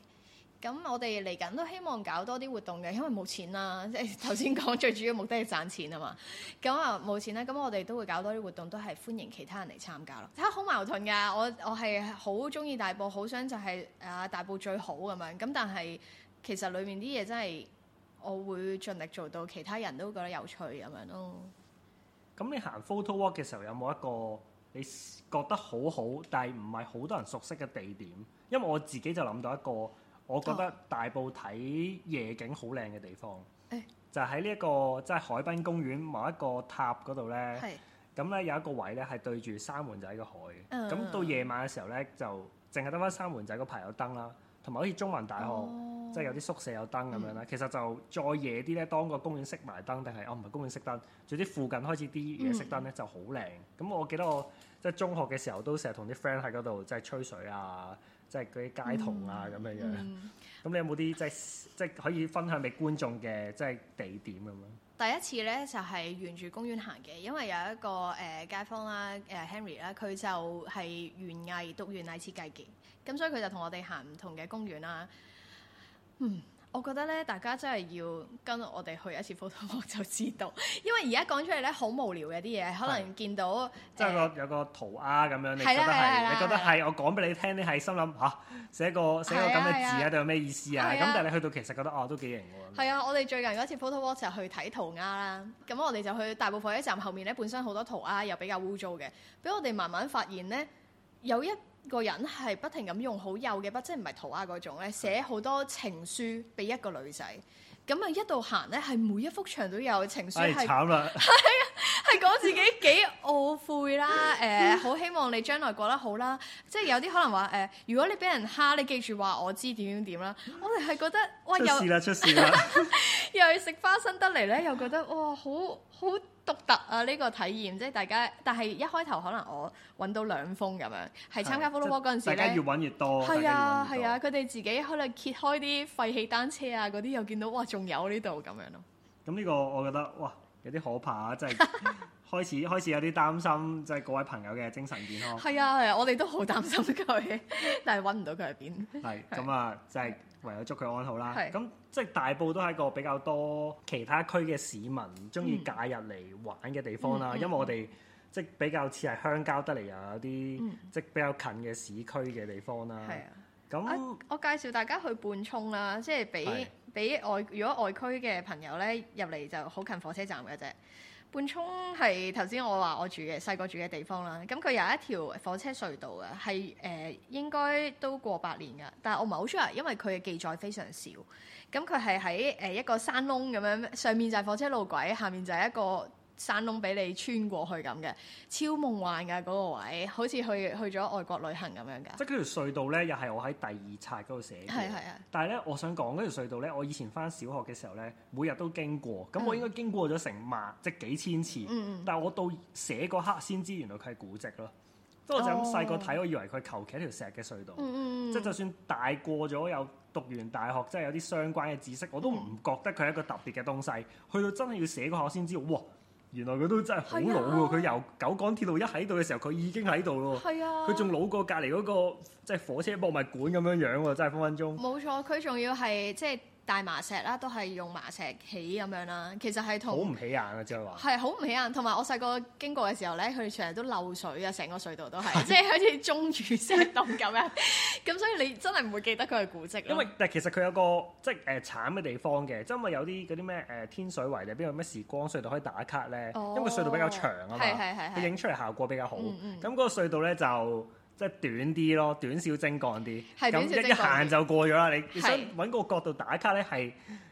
咁我哋嚟緊都希望搞多啲活動嘅，因為冇錢啦。即係頭先講最主要目的係賺錢啊嘛。咁啊冇錢啦，咁我哋都會搞多啲活動，都係歡迎其他人嚟參加咯。睇下好矛盾㗎！我我係好中意大埔，好想就係啊大埔最好咁樣。咁但係其實裡面啲嘢真係我會盡力做到，其他人都覺得有趣咁樣咯。咁你行 photo walk 嘅時候有冇一個你覺得好好，但係唔係好多人熟悉嘅地點？因為我自己就諗到一個，我覺得大埔睇夜景好靚嘅地方，哦、就喺呢一個即係、就是、海濱公園某一個塔嗰度呢。咁呢是有一個位呢係對住三門仔個海，咁、嗯、到夜晚嘅時候呢，就淨係得返三門仔嗰排有燈啦。同埋好似中文大學，哦、即係有啲宿舍有燈咁樣啦。嗯、其實就再夜啲咧，當個公園熄埋燈，定係哦唔係公園熄燈，總之附近開始啲嘢熄燈咧、嗯、就好靚。咁我記得我即係中學嘅時候，都成日同啲 friend 喺嗰度即係吹水啊，即係嗰啲街童啊咁樣、嗯、樣。咁、嗯、你有冇啲即係即係可以分享俾觀眾嘅即係地點咁樣？第一次咧就係、是、沿住公園行嘅，因為有一個誒、呃、街坊啦，誒、呃、Henry 啦，佢就係園藝讀完藝術設計嘅，咁所以佢就我同我哋行唔同嘅公園啦。嗯。我覺得咧，大家真係要跟我哋去一次 photo walk 就知道，因為而家講出嚟咧好無聊嘅啲嘢，可能見到即係個有個塗鴉咁樣，的你覺得係，你覺得係，我講俾你聽你係心諗嚇、啊、寫個寫個咁嘅字喺度，的有咩意思啊？咁的但係你去到其實覺得哦、啊，都幾型喎。係啊的，我哋最近嗰次 photo walk 就去睇塗鴉啦。咁我哋就去大埔火車站後面咧，本身好多塗鴉又比較污糟嘅，俾我哋慢慢發現咧，有一，一個人係不停咁用好幼嘅筆，即係唔係塗鴉嗰種咧，寫好多情書俾一個女仔。咁啊，一路行咧，係每一幅牆都有情書。唉，慘啦！係啊，係講自己幾懊悔啦。誒、 呃，好希望你將來過得好啦。即係有啲可能話誒、呃，如果你俾人蝦，你記住話我知點點點啦。我哋係覺得哇，又出事啦！出事啦！ 又係食花生得嚟咧，又覺得哇，好好～好獨特啊！呢、這個體驗，即係大家，但係一開頭可能我揾到兩封咁樣，係、就是、參加 follow up 嗰陣時咧，大家越揾越多，係是啊，啊，係啊，佢哋自己可能揭開啲廢棄單車啊嗰啲，又見到哇，仲有呢度咁樣咯。咁呢、嗯這個我覺得哇，有啲可怕啊！即、就、係、是、開始開始有啲擔心，即係 各位朋友嘅精神健康。係啊，啊，我哋都好擔心佢， 但係揾唔到佢喺邊。係咁啊，即係的。 唯有祝佢安好啦。咁是即係大埔都係一個比較多其他區嘅市民鍾意假日嚟玩嘅地方啦。嗯嗯嗯、因為我哋即係比較似係鄉郊，得嚟又有啲即係比較近嘅市區嘅地方啦。咁、嗯那啊、我介紹大家去半沖啦，即係畀是畀外，如果外區嘅朋友咧入嚟就好近火車站嘅啫。泮涌係頭先我話我住嘅細個住嘅地方啦，咁佢有一條火車隧道呀，係誒、呃、應該都過百年噶，但係我唔係好 sure 因為佢嘅記載非常少，咁佢係喺誒一個山窿咁樣，上面就係火車路軌，下面就係一個。山窿俾你穿過去咁嘅，超夢幻㗎嗰、那個位，好似去去咗外國旅行咁樣嘅，即係嗰條隧道咧，又係我喺第二冊嗰度寫嘅。係係啊。但係咧，我想講嗰條隧道咧，我以前返小學嘅時候咧，每日都經過，咁我應該經過咗成萬即係幾千次。嗯、但係我到寫嗰刻先知，原來佢係古蹟咯。即係我就咁細個睇，我以為佢求其一條石嘅隧道。嗯、即係就算大過咗，有讀完大學，即係有啲相關嘅知識，我都唔覺得佢係一個特別嘅東西。嗯、去到真係要寫嗰刻先知道，哇！原來佢都真係好老喎，佢、啊、由九廣鐵路一喺度嘅時候，佢已經喺度咯，佢仲、啊、老過隔離嗰個即係、即係、火車博物館咁樣樣喎，真係分分鐘。冇錯，佢仲要係即係。即係大麻石啦，都係用麻石起咁樣啦。其實係同好唔起眼啊，即係話係好唔起眼。同埋我細個經過嘅時候咧，佢哋全日都漏水啊，成個隧道都係，即係好似鐘乳石洞咁樣。咁所以你真係唔會記得佢嘅古跡。因為但係其實佢有個即係誒慘嘅地方嘅，因為有啲嗰啲咩誒天水圍入邊有咩時光隧道可以打卡咧？因為隧道比較長啊嘛，係係係，佢影出嚟效果比較好。咁嗰個隧道咧就。即係短啲咯，短小精幹啲，咁你一行就過咗啦。是你想揾個角度打卡咧，係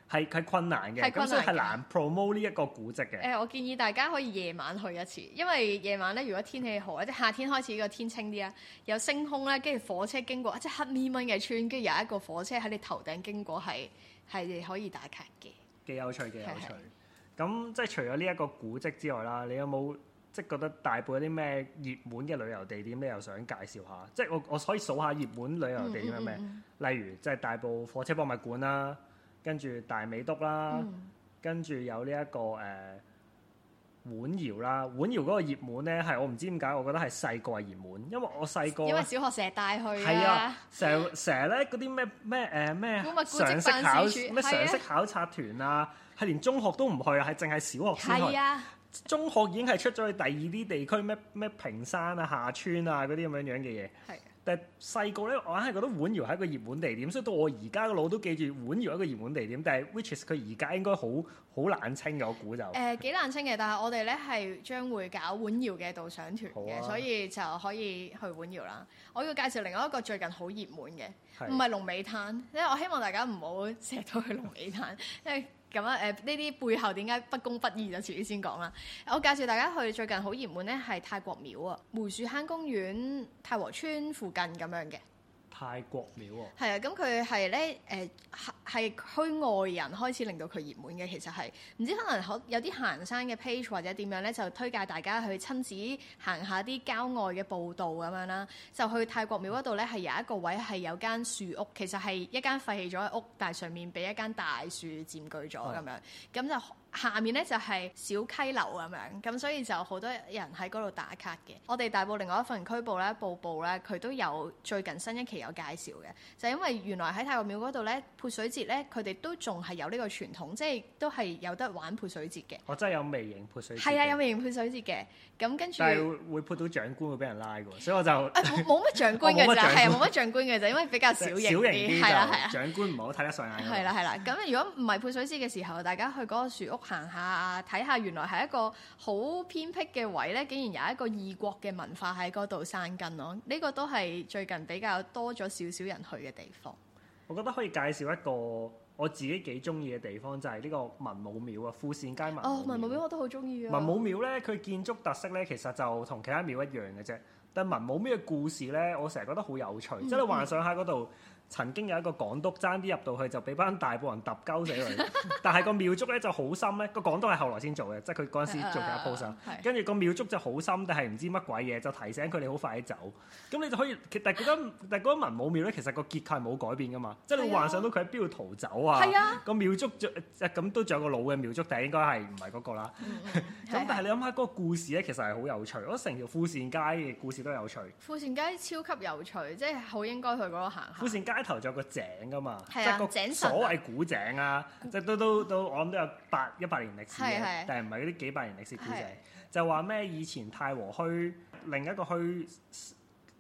係係困難嘅，咁所以係難 promote 呢一個古跡嘅。誒、呃，我建議大家可以夜晚去一次，因為夜晚咧，如果天氣好，即係夏天開始個天清啲啊，有星空咧，跟住火車經過，即係黑咪蚊嘅村，跟住有一個火車喺你頭頂經過，係係可以打卡嘅。幾有趣，幾有趣。咁的即係除咗呢一個古跡之外啦，你有冇？即係覺得大埔有啲咩熱門嘅旅遊地點，你又想介紹下？即係我我可以數下熱門旅遊地點係咩？嗯嗯、例如即係、就係、大埔火車博物館啦，跟住大美督啦，跟住、嗯、有呢、這、一個誒碗窯啦。碗窯嗰個熱門咧係我唔知點解，我覺得係細個熱門，因為我細個因為小學成日帶去啊，成成日咧嗰啲咩咩誒咩常識考咩常識考察團啊，係、啊、連中學都唔去，去啊，係淨係小學先去。中學已經係出咗去第二啲地區，咩咩平山啊、下川啊嗰啲咁樣樣嘅嘢，係。是的 但細個咧，我硬係覺得碗窯係一個熱門地點，所以到我而家個腦都記住碗窯一個熱門地點。但係 w i c h e s 佢而家應該好好冷清嘅，我估就、呃，誒幾冷清嘅，但係我哋咧係將會搞碗窯嘅導賞團嘅，好啊、所以就可以去碗窯啦。我要介紹另外一個最近好熱門嘅，唔係是的 龍尾灘，因為我希望大家唔好成日都去龍尾灘，因為。咁啊，呢啲背後點解不公不義就遲啲先講啦。我介紹大家去最近好熱門咧係泰國廟啊，梅樹坑公園泰和村附近咁樣嘅。泰國廟喎，係啊，咁佢係咧誒係區外人開始令到佢熱門嘅。其實係唔知可能可有啲行山嘅 page 或者點樣咧，就推介大家去親子行下啲郊外嘅步道咁樣啦，就去泰國廟嗰度咧係有一個位係有間樹屋，其實係一間廢棄咗嘅屋，但係上面俾一間大樹佔據咗咁樣，咁、嗯、就。下面咧就係小溪流咁樣，咁所以就好多人喺嗰度打卡嘅。我哋大埔另外一份區報咧，報報咧佢都有最近新一期有介紹嘅，就係、係、因為原來喺太和廟嗰度咧潑水節咧，佢哋都仲係有呢個傳統，即係都係有得玩潑水節嘅。我真係有微型潑水節。係啊，有微型潑水節嘅。咁跟住。但係會潑到長官會俾人拉嘅，所以我就冇乜、 啊、長官嘅咋，係冇乜長官嘅咋、 啊， 因為比較小型啲，係啦係啊，啊長官唔好睇得上眼。係啦係啦，咁、啊啊 啊、如果唔係潑水節嘅時候，大家去嗰個樹屋。行下睇下，看看原來係一個好偏僻嘅位呢，竟然有一個異國嘅文化喺嗰度生根咯。呢、這個都係最近比較多咗少少人去嘅地方。我覺得可以介紹一個我自己幾中意嘅地方，就係、是、呢個文武廟啊，富善街文武廟。哦、文武廟我都好中意啊！文武廟呢，佢建築特色呢，其實就同其他廟一樣嘅啫。但文武廟嘅故事呢，我成日覺得好有趣，即係、嗯嗯、你幻想下嗰度。曾經有一個港督爭啲入到去，就俾班大埔人揼鳩死佢。 但係個廟祝咧就好心咧，個港督係後來先做嘅，即係佢嗰陣時做其他鋪身。跟住個廟祝就好心，但係唔知乜鬼嘢，就提醒佢哋好快走。咁你就可以，但係嗰間， 但係嗰間文武廟咧，其實個結構係冇改變噶嘛。即係你幻想到佢喺邊度逃走啊？係啊的。個廟祝咁都仲有個老嘅廟祝，但係應該係唔係嗰個啦。咁、嗯、 但係你諗下嗰個故事咧，其實係好有趣。我成條富善街嘅故事都有趣。富善街超級有趣，即係好應該去嗰度行下。富善街街頭仲有個井噶嘛，啊、即係個所謂古井啊，嗯、即係都都都我諗都有八一百年歷史，嘅是，但係唔係嗰啲幾百年歷史古井，是是就話咩以前太和墟另一個墟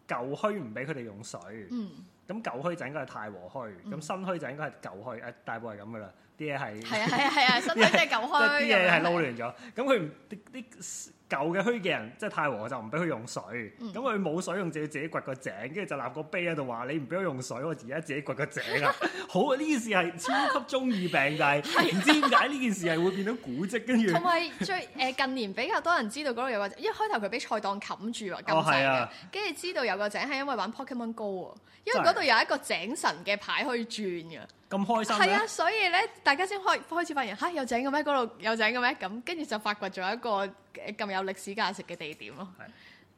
舊墟唔俾佢哋用水，咁、嗯、舊墟就應該係太和墟，咁、嗯、新墟就應該係舊墟，誒大埔係咁噶啦，啲嘢係係係係新墟即係舊墟，啲嘢係撈亂咗，咁佢啲啲。舊嘅虛嘅人，即係太和就唔俾佢用水，咁佢冇水用就要自己掘個井，跟住就立個碑喺度話你唔俾我用水，我而家自己掘個井啊！ 好呢件、這個、事係超級中二病但係，唔 知點解呢件事係會變到古跡，跟住同埋最誒、呃、近年比較多人知道嗰度有個一開頭佢俾菜檔冚住啊，咁細啊。跟住知道有個井係因為玩 Pokemon Go 因為嗰度有一個井神嘅牌可以轉嘅。就是咁開心咧！係啊，所以咧，大家先開開始發現嚇有井嘅咩？嗰度有井嘅咩？咁跟住就發掘咗一個咁有歷史價值嘅地點咯。係，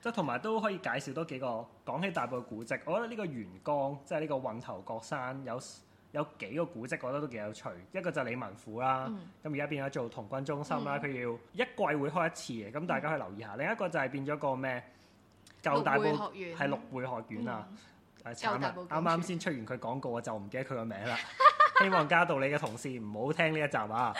即係同埋都可以介紹多幾個。講起大埔嘅古跡，我覺得呢個元江即係呢個運頭角山有有幾個古跡，覺得都幾有趣。一個就係李文虎啦，咁而家變咗做童軍中心啦。佢、嗯、要一季會開一次嘅，咁大家可以留意下。另一個就係變咗個咩？舊大埔學院係六會學院啊。嗯啱啱先出完佢廣告，我就唔記得佢個名啦。 希望加到你嘅同事唔好聽呢一集啊！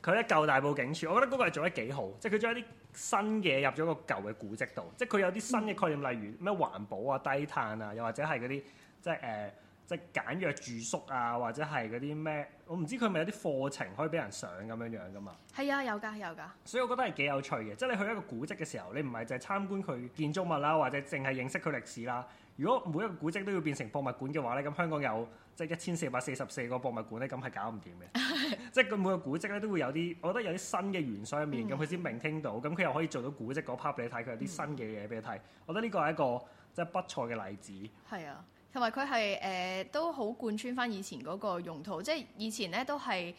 佢喺舊大埔警署，我覺得嗰個係做得幾好，即係佢將一啲新嘅入咗個舊嘅古跡度，即係佢有啲新嘅概念，例如咩環保啊、低碳啊，又或者係嗰啲即係誒、呃、即係簡約住宿啊，或者係嗰啲咩？我唔知佢係咪有啲課程可以俾人上咁樣樣噶嘛？係啊，有㗎，有㗎。所以我覺得係幾有趣嘅，即係你去一個古跡嘅時候，你唔係淨係參觀佢建築物啦，或者淨係認識佢歷史啦。如果每一個古蹟都要變成博物館嘅話咧，咁香港有即係一千四百四十四個博物館咧，咁係搞唔掂嘅。 即係佢每個古蹟咧都會有啲，我覺得有啲新嘅元素入面，咁佢先聆聽到，咁佢又可以做到古蹟嗰 part 俾你睇，佢有啲新嘅嘢俾你睇。嗯、我覺得呢個係一個即係不錯嘅例子。係啊，同埋佢係誒都好貫穿翻以前嗰個用途，即係以前咧都係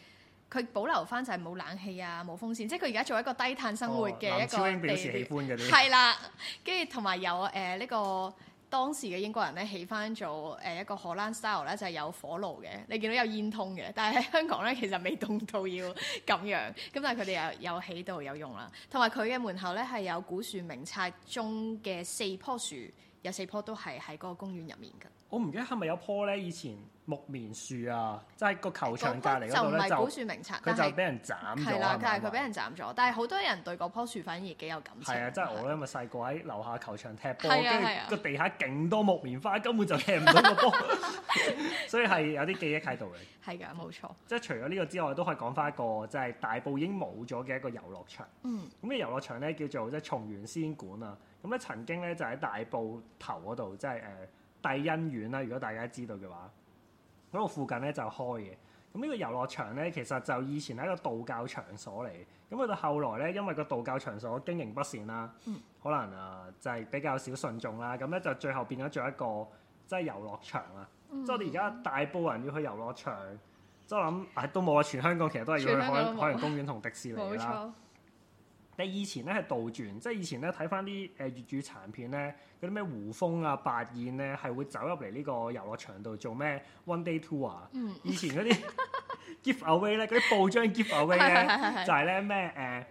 佢保留翻就係冇冷氣啊，冇風扇，即係佢而家做一個低碳生活嘅一個地點。係啦、哦，跟住同埋有誒呢、呃呃這個。當時嘅英國人咧起翻咗誒、呃、一個荷蘭 style 咧就係、是、有火爐嘅，你見到有煙通嘅。但係喺香港咧其實未凍到要咁樣，咁但係佢哋又有起到有用啦。同埋佢嘅門口咧係有古樹名冊中嘅四棵樹，有四棵都係喺嗰個公園入面㗎。我唔記得係咪有棵咧，以前木棉樹啊，即係個球場隔離嗰度咧就好名佢就俾人斬咗。係啦是，但係佢俾人斬咗。但係好多人對嗰棵樹反而幾有感情。係啊，即係我咧，咪細個喺樓下球場踢波，跟住個地下勁多木棉花，根本就踢唔到個波。 所以係有啲記憶喺度嘅。係噶，冇錯。即係除咗呢個之外，都可以講翻一個即係大埔已經冇咗嘅一個遊樂場。嗯，咁嘅遊樂場咧叫做即係松園仙館啊。咁咧曾經咧就喺大埔頭嗰度，即係誒。呃帝恩苑啦，如果大家知道嘅話，嗰度附近咧就開嘅。咁呢個遊樂場咧，其實就以前係一個道教場所嚟。咁去到後來咧，因為個道教場所經營不善啦，嗯、可能啊就係、是、比較少信眾啦。咁咧就最後變咗做一個即係、就是、遊樂場啦。即係我哋而家大部分人要去遊樂場，即係我諗、哎，都冇啊！全香港其實都係要去海洋海洋公園同迪士尼啦。你以前咧係倒轉，即係以前咧睇翻啲誒粵語殘片咧，嗰啲咩胡楓啊、白燕咧係會走入嚟呢個遊樂場度做咩 one day tour 啊？嗯，以前嗰啲 give away 咧，嗰啲報章 give away 咧， 就係咧咩誒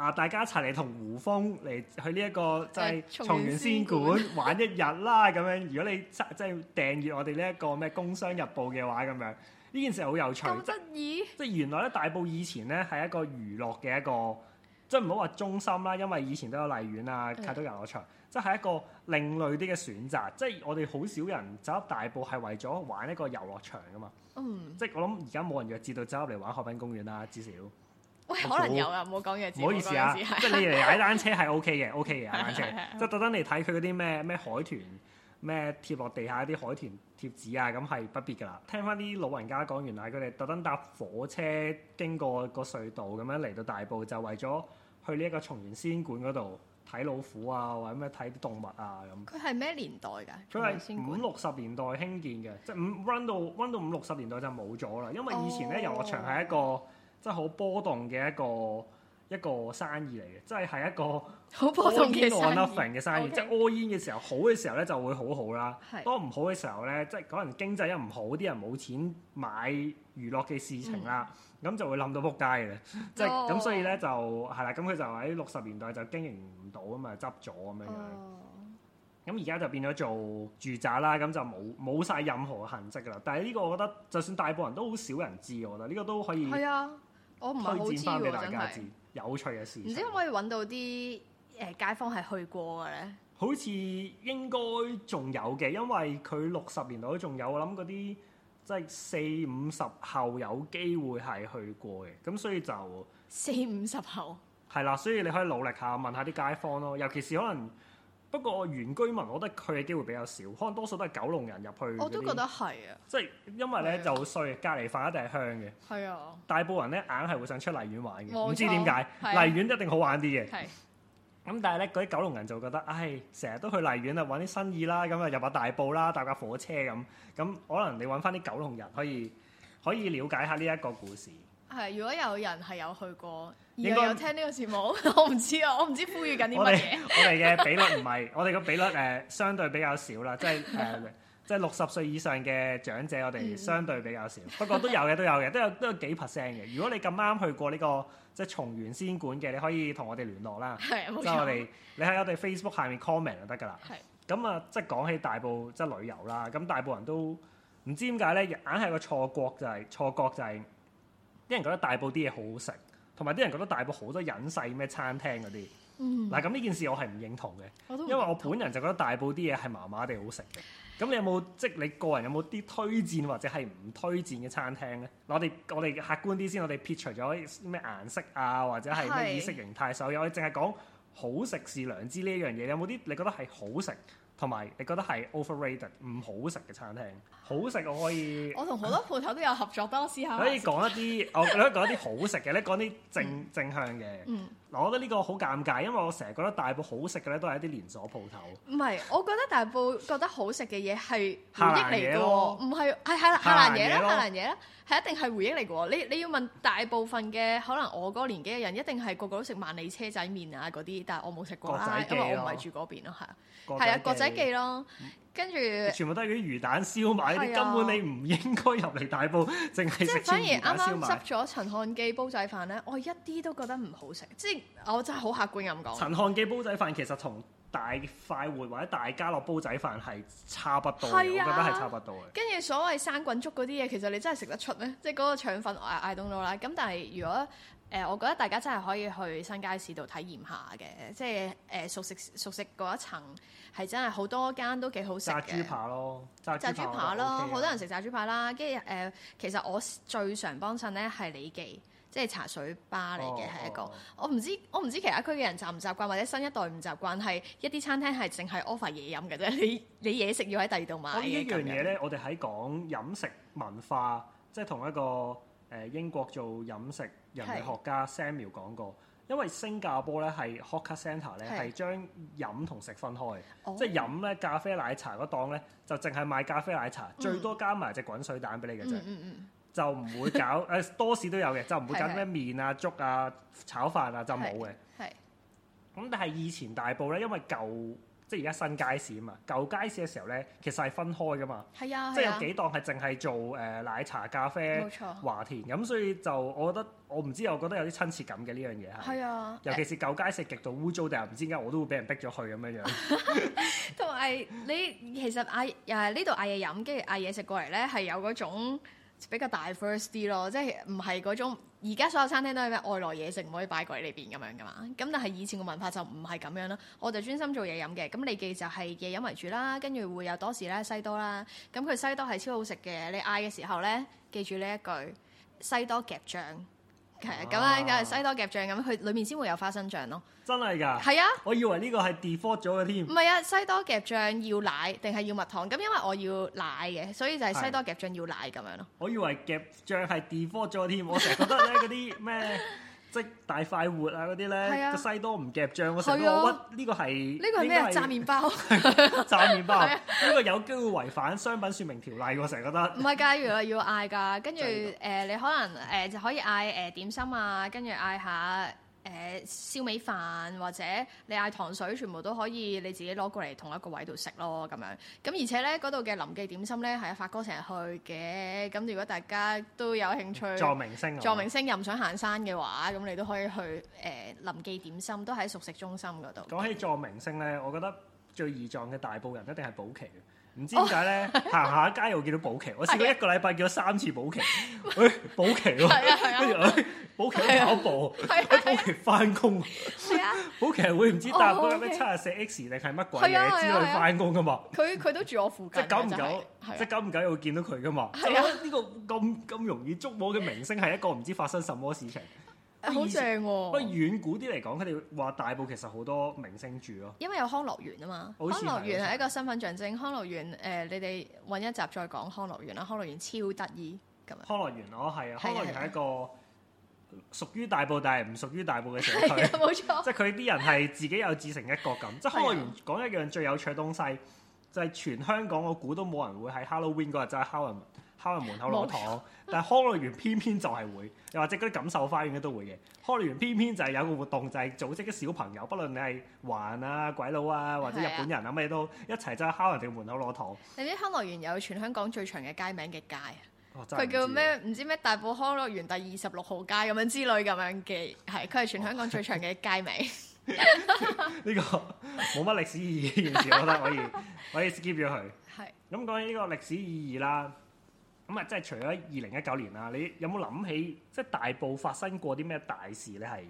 啊大家一齊嚟同胡楓嚟去呢、這、一個即係松園仙館玩一日啦咁樣。如果你即即係訂閱我哋呢一個咩工商日報嘅話咁樣，呢件事好有趣。咁得意！即係 原來咧大埔以前咧係一個娛樂嘅一個。即係唔好話中心啦，因為以前都有荔園啊、太多遊樂場，嗯、即係一個另類啲嘅選擇。即係我哋好少人走入大埔係為咗玩一個遊樂場噶嘛。嗯。即係我諗而家冇人弱智到走入嚟玩海濱公園啦、啊，至少。喂，猜可能有啊，冇講弱智。唔好意思啊，即係你嚟踩單車係 OK 嘅 ，OK 嘅單車。即係特登嚟睇佢嗰啲咩咩海豚，咩貼落地下啲海豚貼紙啊，咁係不必噶啦。聽翻啲老人家講完啦，佢哋特登搭火車經過個隧道咁樣嚟到大埔，就為咗。去呢一個松原仙館嗰度睇老虎啊，或者咩睇啲動物啊咁。佢係咩年代㗎？佢係五六十年代興建嘅，即係五 run 到 run 到五六十年代就冇咗啦。因為以前咧、哦、遊樂場係一個即係好波動嘅一個一個生意嚟嘅，即係係一個好波動嘅生意。生意 Okay 即係屙煙嘅時候好嘅時候咧就會好是好啦，當唔好嘅時候咧即係可能經濟一唔好，啲人冇錢買娛樂嘅事情啦。嗯咁就會冧到撲街嘅，即係咁，所以咧就係啦，咁、嗯、佢就喺六十年代就經營唔到啊嘛，執咗咁樣。咁而家就變咗做住宅啦，咁就冇冇晒任何嘅痕跡噶啦。但係呢個我覺得，就算大部分人都好少人知，我覺得呢個都可以 yeah。係啊，我唔係好知嘅，唔係。推薦返俾大家知。有趣嘅事情。唔知可唔可以揾到啲誒、呃、街坊係去過嘅咧？好似應該仲有嘅，因為佢六十年代都仲有，我諗嗰啲。即係四五十後有機會係去過嘅，咁所以就四五十後係啦，所以你可以努力下問下啲街坊咯，尤其是可能不過原居民，我覺得去嘅機會比較少，可能多數都係九龍人入去。我都覺得係啊，即係因為咧的就衰，隔離飯一定係香嘅。係啊的，大部分人咧硬係會想出荔園玩嘅，唔錯知點解荔園一定好玩啲嘅。咁但係咧，嗰啲九龍人就覺得，唉、哎，成日都去荔園啊，揾啲生意啦，咁啊入下大埔啦，搭架火車咁，咁可能你揾翻啲九龍人可以可以了解下呢一個故事。係，如果有人係有去過，又有聽呢個節目，該我唔知啊，我唔知呼籲緊啲乜嘢。我哋嘅比率唔係， 我哋個比率誒、呃、相對比較少啦，即係誒。呃 即係六十歲以上嘅長者，我哋相對比較少，嗯、不過都有嘅， 都有嘅，都有都有幾 percent 嘅。如果你咁啱去過呢、呢個即係松源仙館嘅，你可以同我哋聯絡啦。係即係我哋、嗯、你喺我哋 Facebook 下面 comment 就得㗎啦。係咁啊，即係講起大埔即係旅遊啦。咁大埔人都唔知點解咧，硬係個錯覺就係、是、錯覺就係、是、啲人覺得大埔啲嘢好好食，同埋啲人覺得大埔好多隱世咩餐廳嗰啲。嗱咁呢件事我係唔認同嘅，嗯、因為我本人就覺得大埔啲嘢係麻麻地好食嘅。咁你有冇，即係你個人有冇啲推薦或者係唔推薦嘅餐廳咧？我哋我哋客觀啲先，我哋撇除咗咩顏色啊，或者係咩意識形態，所以是我哋淨係講好食是良知呢一樣嘢。有冇啲你覺得係好食？同埋，你覺得係 overrated 唔好食嘅餐廳？好食我可以。我同好多鋪頭都有合作，幫我下。可以講一啲，我你可以講一啲好食嘅，咧講啲正正向嘅。嗯，嗱，我覺得呢個好尷尬，因為我成日覺得大埔好食嘅咧都係一啲連鎖鋪頭。唔係，我覺得大埔覺得好食嘅嘢係回憶嚟嘅喎，唔係係係夏蘭嘢啦，夏蘭嘢啦，係一定係回憶嚟嘅喎。你你要問大部分嘅可能我嗰個年紀嘅人，一定係個個都食萬里車仔麵啊嗰啲，但係我冇食過啦，因為我唔係住嗰邊咯，係啊，係啊，國仔記咯，跟住、嗯、全部都係嗰啲魚蛋燒賣。啊、你根本你唔應該入嚟大埔，淨係食魚蛋燒賣。即係反而啱啱執咗陳漢記煲仔飯咧，我一啲都覺得唔好食，即係我真係好客觀咁講。陳漢記煲仔飯其實同大快活或者大家樂煲仔飯係差不多，啊、我覺得係差不多嘅。跟住所謂生滾粥嗰啲嘢，其實你真係食得出咩？即係嗰個腸粉嗌嗌冬蔥啦。咁但係如果誒、呃，我覺得大家真係可以去新街市度體驗下嘅，即係誒、呃、熟食熟食嗰一層係真係好多間都幾好食炸豬扒咯，炸豬扒咯豬，好多人食炸豬扒啦。跟住誒，其實我最常幫襯咧係李記，即係茶水吧嚟嘅係一個。我唔知我唔知其他區嘅人習唔習慣，或者新一代唔習慣係一啲餐廳係淨係 offer 嘢飲嘅啫。你你嘢食要喺第二度買、oh, 樣呢樣嘢咧，我哋喺講飲食文化，即係同一個誒英國做飲食。人類學家 Samuel 講過，因為新加坡咧係 Hawker Centre 咧係將飲同食分開，哦、即係飲咧咖啡奶茶嗰檔咧就淨係賣咖啡奶茶，嗯、最多加埋隻滾水蛋俾你嘅啫，就唔會搞誒多士都有嘅，就唔會搞咩麵啊、的粥啊、炒飯啊就冇嘅。係咁、嗯，但係以前大埔咧，因為舊。即係而家新街市啊嘛，舊街市嘅時候咧，其實係分開噶嘛。係啊，啊即係有幾檔係淨係做誒奶茶、咖啡，冇錯，華田咁，所以就我覺得我唔知，我覺得有啲親切感嘅呢樣嘢係。係啊，尤其是舊街市極度污糟，定係唔知點解我都會俾人逼咗去咁樣樣 同埋你其實嗌又係呢度嗌嘢飲，跟住嗌嘢食過嚟咧，係有嗰種比較大 first 啲咯，即係唔係嗰種。而家所有餐廳都係咩外來嘢食唔可以擺喺櫃裏邊咁樣噶嘛？咁但係以前個文化就唔係咁樣囉。我就專心做嘢飲嘅，咁你記就係嘢飲為主啦。跟住會有多士啦、西多啦。咁佢西多係超好食嘅，你嗌嘅時候呢，記住呢一句西多夾醬。係咁啊，樣西多夾醬咁，佢裏面先會有花生醬咯。真係㗎？係啊，我以為呢個係 default 咗嘅添。唔係啊，西多夾醬要奶定係要蜜糖？咁因為我要奶嘅，所以就係西多夾醬要奶咁樣咯。我以為夾醬係 default 咗添，我成日覺得咧嗰啲咩？ 即大快活啊呢！嗰啲咧個西多唔夾醬個，個食貨屈呢個係呢個係咩？炸紮麵， 麵包，炸麵包呢個有機會違反商品說明條例喎！我成日覺得唔係，假如啊要嗌㗎，跟住誒你可能誒、呃、就可以嗌誒、呃、點心啊，跟住嗌下。誒、呃、燒味飯或者你嗌糖水，全部都可以你自己攞過嚟同一個位度食咯咁樣。咁而且咧嗰度嘅林記點心咧係阿發哥成日去嘅。咁如果大家都有興趣，撞明星，撞明星我又唔想行山嘅話，咁你都可以去誒、呃、林記點心，都喺熟食中心嗰度。講起撞明星咧，我覺得最易撞嘅大部分人一定係保期。唔知點解咧，行、oh, 下街又見到保錡，我試過一個禮拜見到三次保錡，去、哎、保錡咯、啊，跟住去保錡跑步，喺、 啊、保錡翻工，保錡會唔知搭個咩 74X 定係乜鬼嘢之類翻工噶嘛？佢佢、 啊啊啊啊啊、都住我附近，即係久唔久，即係久唔久又會見到佢噶嘛？ 啊、就覺得呢個咁咁容易捉摸嘅明星係一個唔知發生什麼事情。好正！不過、啊啊、遠古啲嚟講，佢哋話大埔其實好多明星住咯、啊。因為有康樂園啊嘛，康樂園係一個身份象徵。康樂園誒、呃，你哋揾一集再講康樂園啦。康樂園超得意咁。康樂園我係、哦啊啊、康樂園係一個屬於大埔，但係唔屬於大埔嘅社區，冇、啊、他錯。即係佢啲人係自己又自成一國咁。啊、即係康樂園講一樣最有趣嘅東西，就係、是、全香港我估都冇人會喺 Halloween 嗰日就係 Halloween。敲人門口攞糖，但係康樂園偏偏就係會，又或者嗰啲錦繡花園嘅都會嘅，康樂園偏偏就係有個活動，就係組織啲小朋友，不論你係華人啊、鬼佬啊，或者日本人啊，咩都一齊就去敲人哋門口攞糖。你啲康樂園有全香港最長嘅街名嘅街，佢叫咩？唔知咩大埔康樂園第二十六號街咁樣之類咁樣嘅，係佢係全香港最長嘅街名。呢個冇乜歷史意義嘅件事我覺得可以可以 skip 咗佢。係咁講起呢個歷史意義啦。咁啊，嗯、即係除咗二零一九年啦，你有冇諗起即係大埔發生過啲咩大事咧？係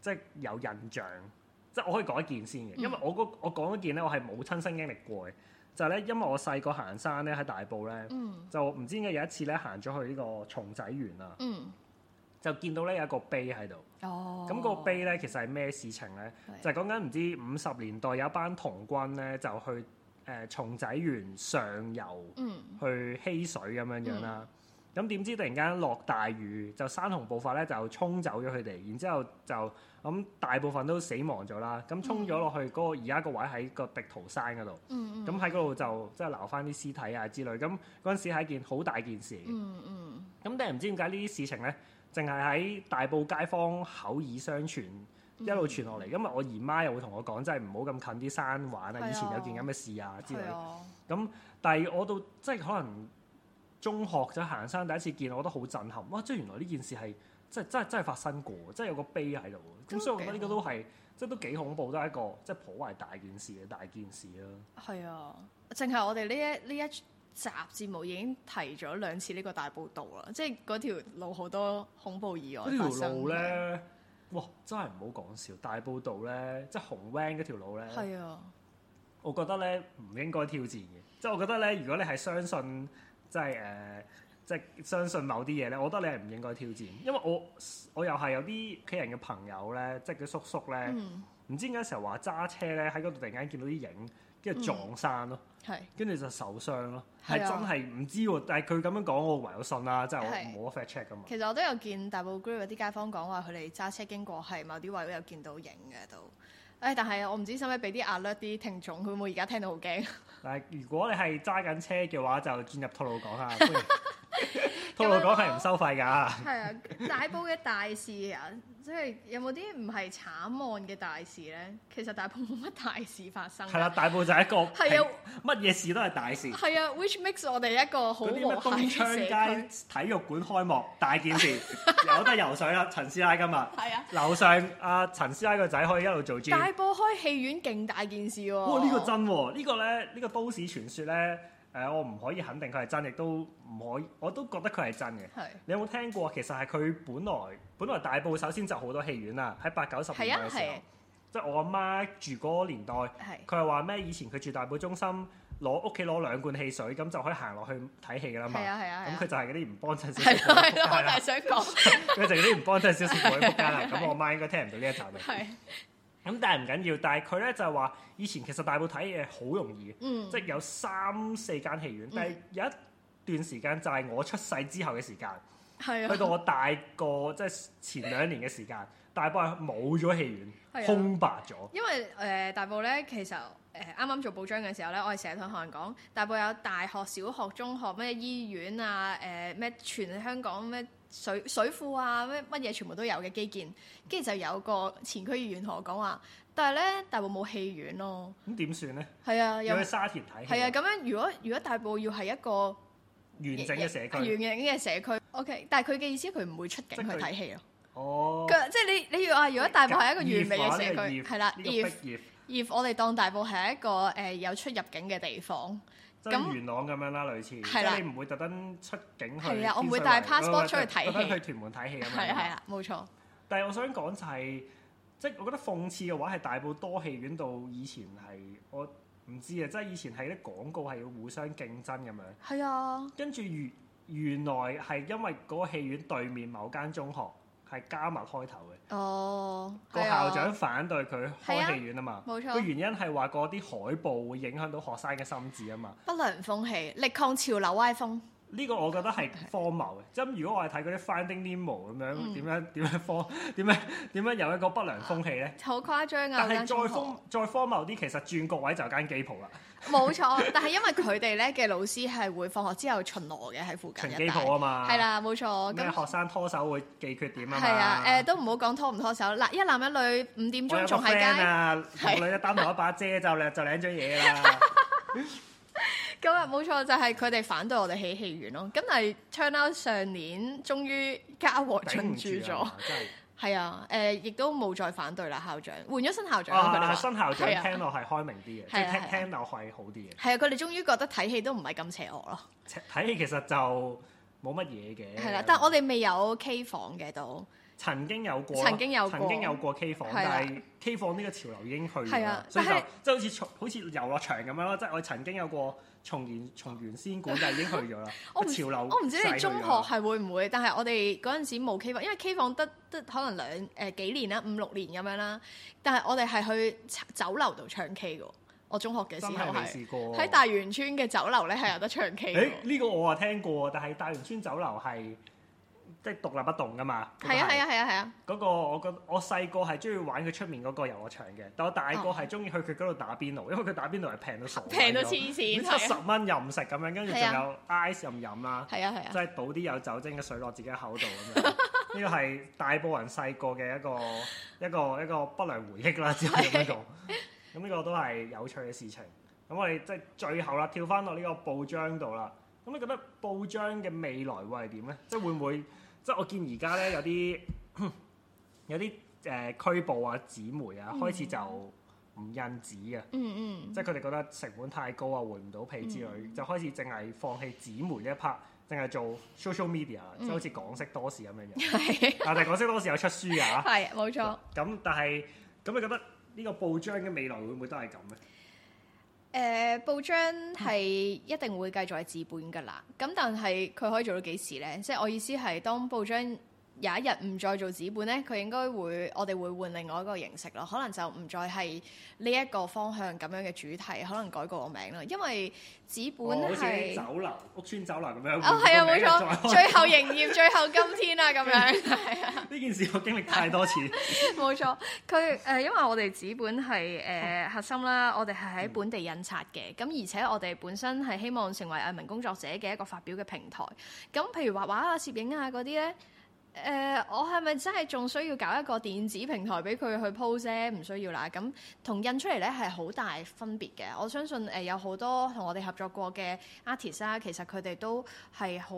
即係有印象。即係我可以講一件先嘅，因為我嗰我講一件咧，我係冇親身經歷過嘅。就係咧，因為我細個行山咧喺大埔咧，嗯、就唔知點解有一次咧行咗去呢個松仔園啦，嗯、就見到咧有一個碑喺度。哦，咁個碑咧其實係咩事情咧？的就係講緊唔知五十年代有一班童軍咧就去。誒松、呃、仔園上游去嬉水咁樣樣啦，咁點知突然間落大雨，就山洪暴發咧，就沖走咗佢哋，然之後就咁、嗯、大部分都死亡咗啦。咁沖咗落去嗰、嗰個而家個位喺個碧桃山嗰度，咁喺嗰度就即係留翻啲屍體啊之類。咁嗰陣時係一件好大件事。咁、嗯嗯啊、但係唔知點解呢啲事情咧，淨係喺大埔街坊口耳相傳，一路傳落嚟，因為我姨媽又會同我講，即係唔好咁近啲山玩啊！以前有件咁嘅事啊，之類。哦、啊。咁，但係我到即係可能中學就行山，第一次見，我都好震撼。哇！即係原來呢件事係即係真係真係發生過，即係有個碑喺度。咁，所以我覺得呢個都係即係都幾恐怖，都係一個即係頗為大件事嘅大件事啦。係啊，淨係我哋呢一呢一集節目已經提咗兩次呢個大報導啦，即係嗰條路好多恐怖意外發生。呢條路咧？哇！真係唔好講笑，大埔道呢，即係紅 van 嗰條路呢，係是啊，我覺得呢唔應該挑戰嘅。即係我覺得呢，如果你係相信，即係誒、呃，即係相信某啲嘢呢，我覺得你係唔應該挑戰。因為我我又係有啲屋企人嘅朋友呢，即係佢叔叔呢，唔、嗯、知點解成日話揸車呢，喺嗰度突然間見到啲影。跟住撞山咯，跟住就受傷咯，係真係唔知喎，但係佢咁樣講我唯有信啦，即係我冇 fact check 咁啊。其實我都有見大埔 group 啲街坊講話佢哋揸車經過係某啲位都有見到影嘅都，誒，但係我唔知使唔使俾啲 alert 啲聽眾，佢會唔會而家聽到好驚？但係如果你係揸緊車嘅話，就轉入套路講啦。套路講係唔收費噶，係啊！大埔嘅大事啊，即係有冇啲唔係慘案嘅大事咧？其實大埔冇乜大事發生。係啦，大埔就係一個係啊，乜嘢事都係大事。係啊，which makes、啊、我哋一個好和諧嘅社會。東昌街體育館開幕大件事， 有得游水啦！陳師奶今日係啊，樓上阿陳師奶個仔可以一路做住。大埔開戲院勁大件事喎、啊！哇、哦，呢、這個真、這個、呢、這個咧，呢、這個都市傳說咧。誒，我唔可以肯定佢係真，亦都唔可以，我都覺得佢係真嘅。係，你有冇聽過？其實係佢本來本來大埔首先就好多戲院啦，喺八九十年代嘅時候，即係我阿媽住嗰個年代，佢係話咩？以前佢住大埔中心，攞屋企攞兩罐汽水咁就可以行落去睇戲㗎啦嘛。係啊係啊，咁佢就係嗰啲唔幫襯小食店，係啊想講，佢就係嗰啲唔幫襯小食店嘅仆街啦。咁我阿媽應該聽唔到呢一集嘅。咁但係唔緊要，但係佢咧就係話，以前其實大埔睇嘢好容易嘅，嗯、即係有三四間戲院。嗯、但係有一段時間就係我出世之後嘅時間，去到、嗯、我大個即係前兩年嘅時間，大埔係冇咗戲院，嗯、空白咗。因為誒、呃、大埔咧，其實誒啱啱做報章嘅時候咧，我係成日同人講，大埔有大學、小學、中學，咩醫院啊，誒、呃、咩全香港咩。水水庫啊，咩乜嘢全部都有嘅基建，跟住就有個前區議員同我講話但係咧大埔冇戲院咯，咁點算咧？係啊，有去沙田睇。係啊，咁樣如果如果大埔要係一個完整嘅社區，完整嘅社區，OK。但係佢嘅意思佢唔會出境去睇戲咯。哦，即係你你要啊、這個、啊？如果大埔係一個完美嘅社區，係啦。If if 我哋當大埔係一個誒、呃、有出入境嘅地方。咁元朗咁樣啦，類似，的即係你唔會特登出境去。係啊的，我唔會帶 passport 是出去睇戲，特登去屯門睇戲咁樣。係啊的，係啊的，冇錯。但係我想講就係、是，即係我覺得諷刺嘅話係大埔多戲院度以前係我唔知啊，即、就、係、是、以前喺啲廣告係要互相競爭咁樣。係啊的。跟住原原來係因為嗰個戲院對面某間中學係迦密開頭嘅。哦，個校長反對佢開戲院啊嘛，係啊，冇錯。個原因係話嗰啲海報會影響到學生嘅心智啊嘛，不良風氣，力抗潮流歪風。呢個我覺得係荒謬嘅，即係如果我係睇嗰啲 Finding Nemo 咁樣，點樣點樣荒，點樣點樣有一個不良風氣咧？好誇張啊！但係再荒再荒謬啲，其實轉角位就係間機鋪啦。冇錯，但係因為佢哋咧嘅老師係會放學之後巡邏嘅喺附近，巡機鋪啊嘛。係啦，冇錯。咁學生拖手會記缺點啊嘛。係啊，誒都唔好講拖唔拖手嗱，一男一女五點鐘仲喺街啊，女一攤落一把遮就靚就靚咗嘢啦。今日冇錯，就係佢哋反對我哋起戲院咯。咁但係 turn out 上年終於嘉禾進駐咗，係啊，誒，亦都冇再反對啦。校長換咗新校長啦，係嘛？新校長聽落係開明啲嘅，即係聽落係好啲嘅。係啊，佢哋終於覺得睇戲都唔係咁邪惡咯。睇戲其實就冇乜嘢嘅，係啦。但係我哋未有 K 房嘅都曾經有過，曾經有過，曾經有過 K 房，但係 K 房呢個潮流已經去咗，所以就即係好似好似遊樂場咁樣咯。即係我曾經有過。從原從原先館就已經去咗啦， 我潮流我唔知你中學係會唔會，但係我哋嗰陣時冇 K 房，因為 K 房得得可能兩誒、呃、幾年啦，五六年咁樣啦。但係我哋係去酒樓度唱 K 嘅，我中學嘅時候係試過喺大元村嘅酒樓咧係有得唱 K。誒呢、欸呢個我啊聽過，但係大元村酒樓係。即係獨立不動㗎嘛？係啊係啊係啊係啊！嗰、啊啊嗰個我覺，我細個係中意玩佢出面嗰個遊樂場嘅，但我大個係中意去佢嗰度打邊爐，因為佢打邊爐係平到傻了，平到黐線，七十蚊任食咁樣，跟住仲有 Ice 任飲啦，係啊係啊，即係、啊啊啊啊、倒啲有酒精嘅水落自己嘅口度咁樣，呢個係大部分人細個嘅一個一個一個,一個不良回憶啦，之類咁樣講。咁呢是 個都係有趣嘅事情。咁我哋即係最後啦，跳翻落呢個報章度啦。咁你覺得報章嘅未來會係點咧？即係會唔會？即係我見而家咧，有啲有啲誒區報啊紙媒啊開始就唔印紙啊，嗯嗯、即係佢哋覺得成本太高啊，換唔到皮之類，嗯、就開始淨係放棄紙媒呢一 part，淨係做 social media，即係好似港識多史咁樣樣。是但係港識多史有出書啊，嚇， 係冇錯。咁但係咁你覺得呢個報章嘅未來會唔會都係咁咧？誒、呃、報章係一定會繼續係紙本㗎啦，咁、嗯、但係佢可以做到幾時咧？即係我意思係當報章，有一日唔再做紙本咧，佢應該會我哋會換另外一個形式咯，可能就唔再係呢一個方向咁樣嘅主題，可能改個名咯。因為紙本係、哦、酒樓屋村酒樓咁樣，哦，係啊，冇錯，最後營業 最後今天啊咁樣，係 啊呢件事我經歷太多次，冇 錯。佢誒、呃、因為我哋紙本係誒、呃、核心啦，我哋係喺本地印刷嘅，咁、嗯、而且我哋本身係希望成為藝文工作者嘅一個發表嘅平台，咁譬如畫畫啊、攝影啊嗰啲咧。誒，uh, 我係咪真係仲需要搞一個電子平台俾佢去鋪啫？唔需要啦。咁同印出嚟咧係好大分別嘅。我相信誒、呃、有好多同我哋合作過嘅 artist 啦，其實佢哋都係好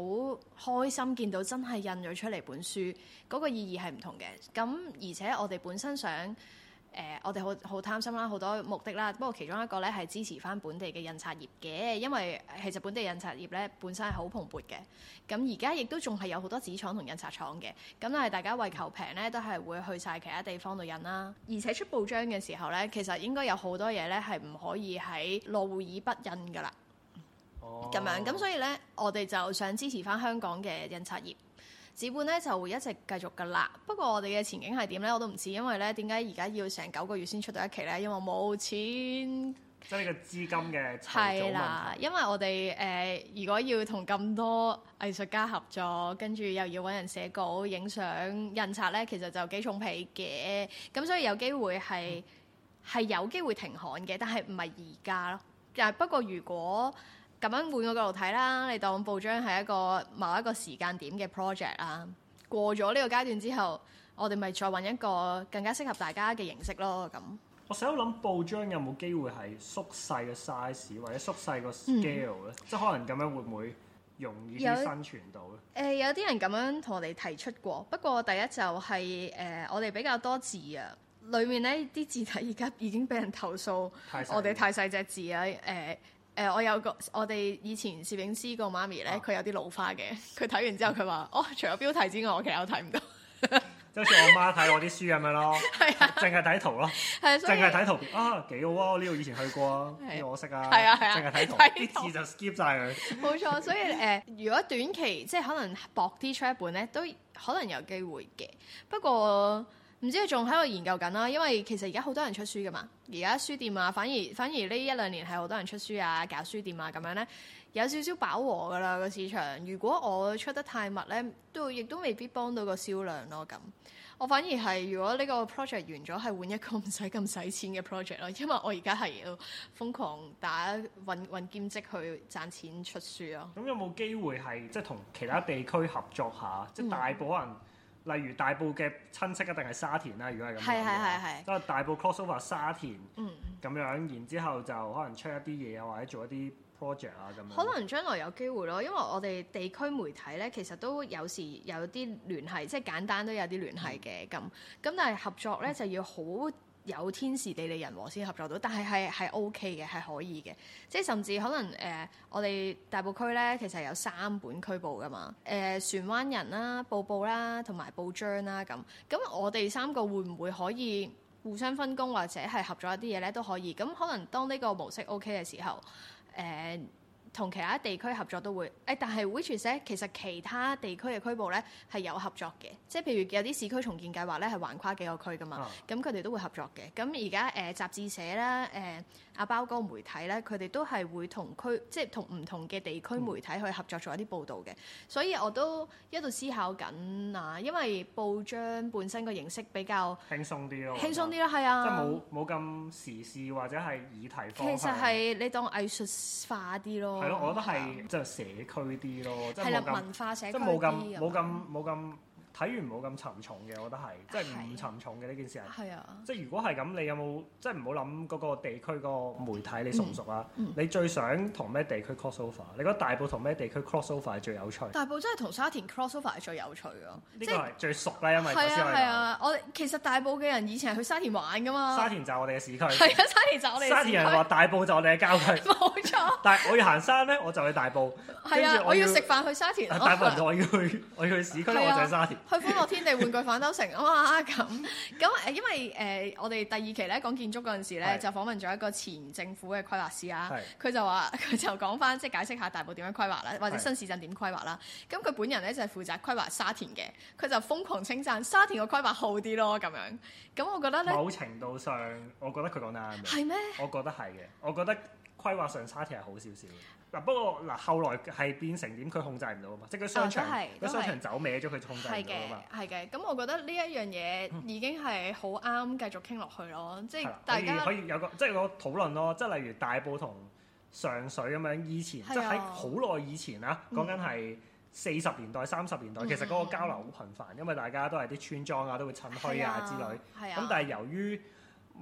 開心見到真係印咗出嚟本書，嗰、嗰個意義係唔同嘅。咁而且我哋本身想。誒、呃，我哋好好貪心啦，好多目的啦。不過其中一個咧係支持翻本地嘅印刷業嘅，因為其實本地印刷業咧本身係好蓬勃嘅。咁而家亦都仲係有好多紙廠同印刷廠嘅。咁但係大家為求平咧，都係會去晒其他地方度印啦。而且出報章嘅時候咧，其實應該有好多嘢咧係唔可以喺路爾筆印噶啦。哦。咁樣咁，所以咧，我哋就想支持翻香港嘅印刷業。紙本咧就會一直繼續噶啦，不過我哋嘅前景係點咧，我都唔知，因為咧點解而家要成九個月先出到一期咧？因為冇錢。即係呢個資金嘅係啦，因為我哋誒、呃、如果要同咁多藝術家合作，跟住又要搵人寫稿、影相、印刷咧，其實就幾重皮嘅。咁所以有機會係係、嗯、有機會停刊嘅，但係唔係而家咯。但係不過如果。咁樣換個角度睇啦，你當報章係一個某一個時間點嘅 project 啦。過咗呢個階段之後，我哋咪再揾一個更加適合大家嘅形式咯。咁，我成日都諗報章有冇機會係縮細個 size 或者縮細個 scale 呢？嗯、即係可能咁樣會唔會容易啲生存到呢？誒、呃，有啲人咁樣同我哋提出過，不過第一就係、是、誒、呃，我哋比較多字啊。裡面呢啲字體而家已經俾人投訴我、嗯，我哋太細隻字啊！誒、呃。誒、呃，我有個我哋以前攝影師個媽咪咧，佢、啊、有啲老花嘅，佢睇完之後佢話哦，除咗標題之外，我其實睇唔到 就我我，就好似我媽睇我啲書咁樣咯，係淨係睇圖咯，係淨係睇圖啊，幾好啊！呢度以前去過，呢個、 啊、我識啊，係啊係啊，淨係睇圖啲、 啊、字就 skip 晒佢，冇錯。所以誒、呃，如果短期即係可能薄啲出一本咧，都可能有機會嘅。不過，唔知佢仲喺度研究緊啦，因為其實而家好多人出書噶嘛，而家書店啊，反而反而呢一兩年係好多人出書啊，搞書店啊咁樣咧，有少少飽和噶啦個市場。如果我出得太密咧，都亦都未必幫到個銷量咯啊。咁我反而係如果呢個 project 完咗，係換一個唔使咁使錢嘅 project 咯，因為我而家係要瘋狂打揾揾兼職去賺錢出書咯啊。咁有冇機會係即係同其他地區合作下，即係大埔人？例如大埔嘅親戚一定係沙田啦，如果係咁樣，即係大埔 crossover 沙田咁、嗯、樣，然之後就可能出一啲嘢啊，或者做一啲 project 啊咁樣，可能將來有機會咯，因為我哋地區媒體咧，其實都有時有啲聯繫，即係簡單都有啲聯繫嘅咁。咁、嗯、但係合作咧就要好。有天時地利人和先合作到，但係係係 O K 嘅，係、OK、可以嘅。即係甚至可能誒、呃，我哋大埔區呢，其實有三本區報噶嘛，誒、呃，荃灣人啦、啊、報報啦、啊、同埋報章啦、啊、咁。咁我哋三個會唔會可以互相分工或者係合作一啲嘢呢都可以。咁可能當呢個模式 O K 嘅時候，誒、呃。同其他地區合作都會，誒、哎，但係 which 社其實其他地區嘅區報咧係有合作嘅，即係譬如有啲市區重建計劃咧係橫跨幾個區噶嘛，咁佢哋都會合作嘅。咁而家誒雜誌社啦，誒、呃、阿、啊、包哥媒體咧，佢哋都係會同區，即係同唔同嘅地區媒體去合作做一啲報導嘅。嗯、所以我都一度思考緊啊，因為報章本身個形式比較輕鬆啲咯，輕鬆啲啦，係啊，即係冇冇咁時事或者係議題方向，其實係你當藝術化啲咯。係咯， 我覺得係就社區啲咯，即係冇咁，即係冇咁冇咁冇咁。睇完冇咁沉重嘅，我覺得係，即係唔沉重嘅呢件事係。係啊。即係如果係咁，你有冇即係唔好諗嗰個地區個媒體你熟唔熟啊？你最想同咩地區 cross over？你覺得大埔同咩地區 cross over 係最有趣？大埔真係同沙田 cross over 係最有趣嘅，即係最熟啦，因為。係係啊！我其實大埔嘅人以前係去沙田玩㗎嘛。沙田就係我哋嘅市區。係啊，沙田就我哋。沙田人話大埔就我哋嘅郊區。冇錯。但係我要行山咧，我就去大埔。係啊，我要食飯去沙田。大埔人就我要去，我要去市區，我就去沙田。 去歡樂天地、玩具反斗城啊嘛，咁咁誒，因為誒、呃、我哋第二期咧，講建築嗰陣時咧，是就訪問咗一個前政府嘅規劃師啊，佢是就話佢，就講翻即係，解釋下大埔點樣規劃啦，或者新市鎮點規劃啦。咁佢是本人咧就係、負責規劃沙田嘅，佢就瘋狂稱讚沙田個規劃好啲咯咁樣。咁我覺得咧，某程度上我覺得佢講得啱。係咩？我覺得係嘅嗎，我覺得規劃上沙田係好少少。嗱，不過嗱，後來係變成點？佢控制唔到啊嘛，即係個商場，個、啊、商場走歪咗，佢控制唔到嘛，係嘅，係嘅。咁我覺得呢一樣嘢已經係好啱繼續傾落去咯，嗯、即係大家可以，可以有個即係、就是、個討論咯，即係例如大埔同上水咁樣，以前即係喺好耐以前啦，講緊係四十年代、三十、嗯、年代，其實嗰個交流好頻繁，因為大家都係啲村莊啊，都會趁墟啊之類，係啊。咁但係由於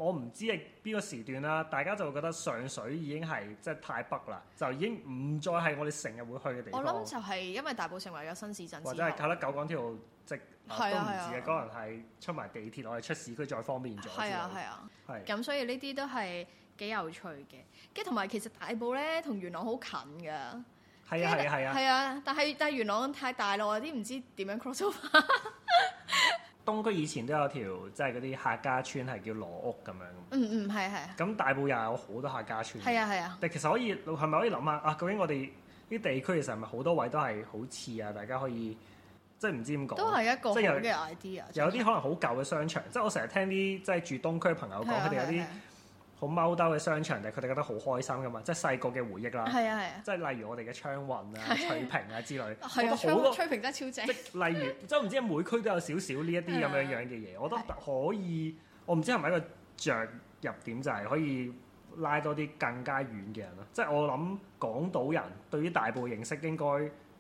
我唔知係邊個時段啦，大家就會覺得上水已經係即係太北啦，就已經唔再係我哋成日會去嘅地方。我諗就係因為大埔成為咗新市鎮，或者係靠得九廣鐵路即係都唔止啊，可能係出埋地鐵我哋出市區再方便咗。係啊係啊，咁所以呢啲都係幾有趣嘅。跟住同埋其實大埔咧同元朗好近㗎，係啊係啊係啊，但係但係元朗太大啦，啲唔知點樣 cross over。東區以前都有條即係嗰啲客家村係叫羅屋咁樣。嗯嗯，係係。咁大埔又有好多客家村。係啊係啊。但其實可以係咪可以諗下啊？究竟我哋啲地區其實係咪好多位都係好似啊？大家可以即係唔知點講。都係一個好嘅 idea。有啲可能好舊嘅商場，的即係我成日聽啲即係住東區嘅朋友講，佢哋的有啲。好踎兜嘅商場，就係佢哋覺得好開心㗎嘛，即係細個嘅回憶啦。係啊係啊，即係例如我哋嘅彩雲啊、翠屏是啊、啊之類，係啊，好多翠屏真係超正。即係例如， 即係唔知每區都有少少呢一啲咁樣樣嘅嘢，是啊、我都可以。是啊、我唔知係咪一個着入點，就係、是、可以拉多啲更加遠嘅人咯。即係我諗港島人對於大埔認識應該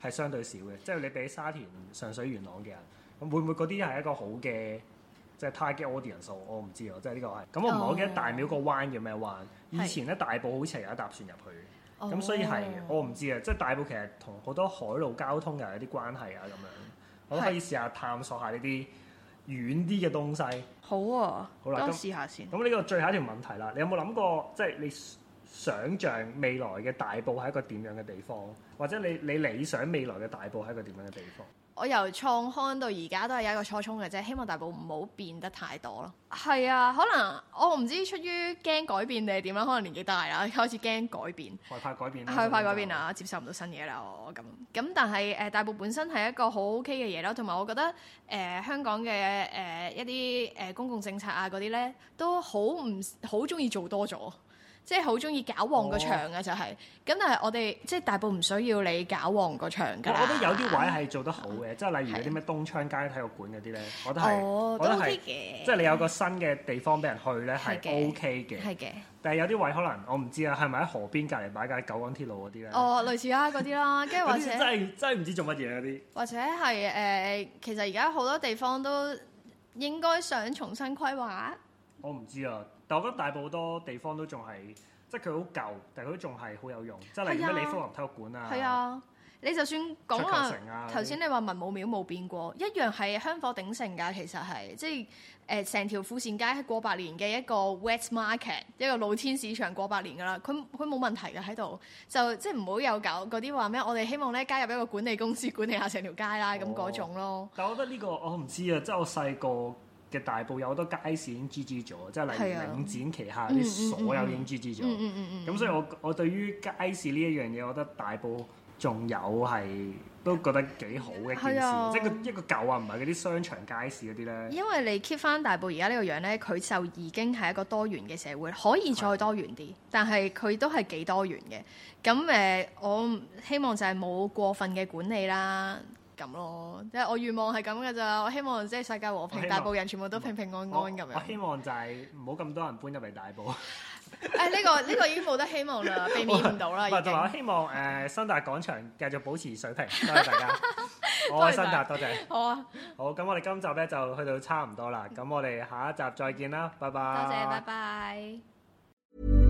係相對少嘅，即係你俾沙田、上水、元朗嘅人，會唔會嗰啲係一個好嘅？即係 target audience，我唔知啊！即係呢個係咁，我唔係好記得大廟個彎叫咩彎。Oh. 以前咧是大埔好似係有一搭船入去嘅，咁、oh. 所以係我唔知啊！即係大埔其實同好多海路交通又有啲關係啊！咁樣，我都可以試下探索下呢啲遠啲嘅東西。Oh. 好啊，oh. 好啦，都試下先。咁呢個最後一條問題啦，你有冇諗過即係、就是、你想像未來嘅大埔係一個點樣嘅地方，或者你你理想未來嘅大埔係一個點樣嘅地方？我由創刊到而家都係一個初衷嘅啫，希望大埔唔好變得太多咯。係啊，可能我唔知出於驚改變定係點啦，可能年紀大啦，開始驚改變，害怕改變，對害怕改變啊，接受唔到新嘢啦，我咁咁。但係誒、呃，大埔本身係一個好 OK 嘅嘢咯，同埋我覺得誒、呃、香港嘅誒、呃、一啲誒、呃、公共政策啊嗰啲咧，都好唔好鍾意做多咗。即係好中意搞旺個場嘅、啊哦、就係、是，咁但係我哋即係大埔唔需要你搞旺個場噶、啊。我覺得有啲位係做得好嘅，哦、即係例如嗰啲咩東昌街體育館嗰啲咧，我都係，哦，都好啲嘅。即係你有個新嘅地方俾人去咧係 OK 嘅。係嘅，但係有啲位可能我唔知啦，係咪喺河邊隔離擺架九廣鐵路嗰啲咧？哦，類似啦嗰啲啦，跟住 或者真係真係唔知做乜嘢嗰啲。或者係誒、呃，其實而家好多地方都應該想重新規劃。我唔知啊，但我覺得大埔好多地方都仲係，即係佢好舊，但係佢都仲係好有用。即係例如咩李福林體育館啊，係啊。你就算講話頭先你話文武廟冇變過，一樣係香火鼎盛㗎。其實係即係誒，成、呃、條富善街係過百年嘅一個 wet market，一個露天市場過百年㗎啦。佢佢冇問題㗎喺度，就即係唔好有搞嗰啲話咩，我哋希望咧加入一個管理公司管理下成條街啦咁嗰、哦、種咯。但我覺得呢、呢個我唔知啊，即係我細個。嘅大埔有好多街市已經 GG 咗，即係例如領展旗下啲所有已經 GG 咗。咁所以我我對於街市呢一樣嘢，我覺得大埔仲有係都覺得幾好嘅一件事，啊、即係一個一個舊啊，唔係嗰啲商場街市嗰啲咧。因為你 keep 翻大埔而家呢個樣咧，佢就已經係一個多元嘅社會，可以再多元啲，是的 但係佢都係幾多元嘅。咁誒、呃，我希望就係冇過分嘅管理啦。咁咯，即係我願望係咁噶咋，我希望即係世界和平，大埔人全部都平平安安咁我樣我。我希望就係唔好咁多人搬入嚟大埔。誒、 哎、呢、這個呢、這個已經冇得希望啦，避 免唔到啦。唔係，同埋我希望誒、呃、新達廣場繼續保持水平，多 謝、謝大家。 我嘅新達多 謝、謝，好啊。好，咁我哋今集咧就去到差唔多啦，咁我哋下一集再見啦，拜拜。多謝，拜拜。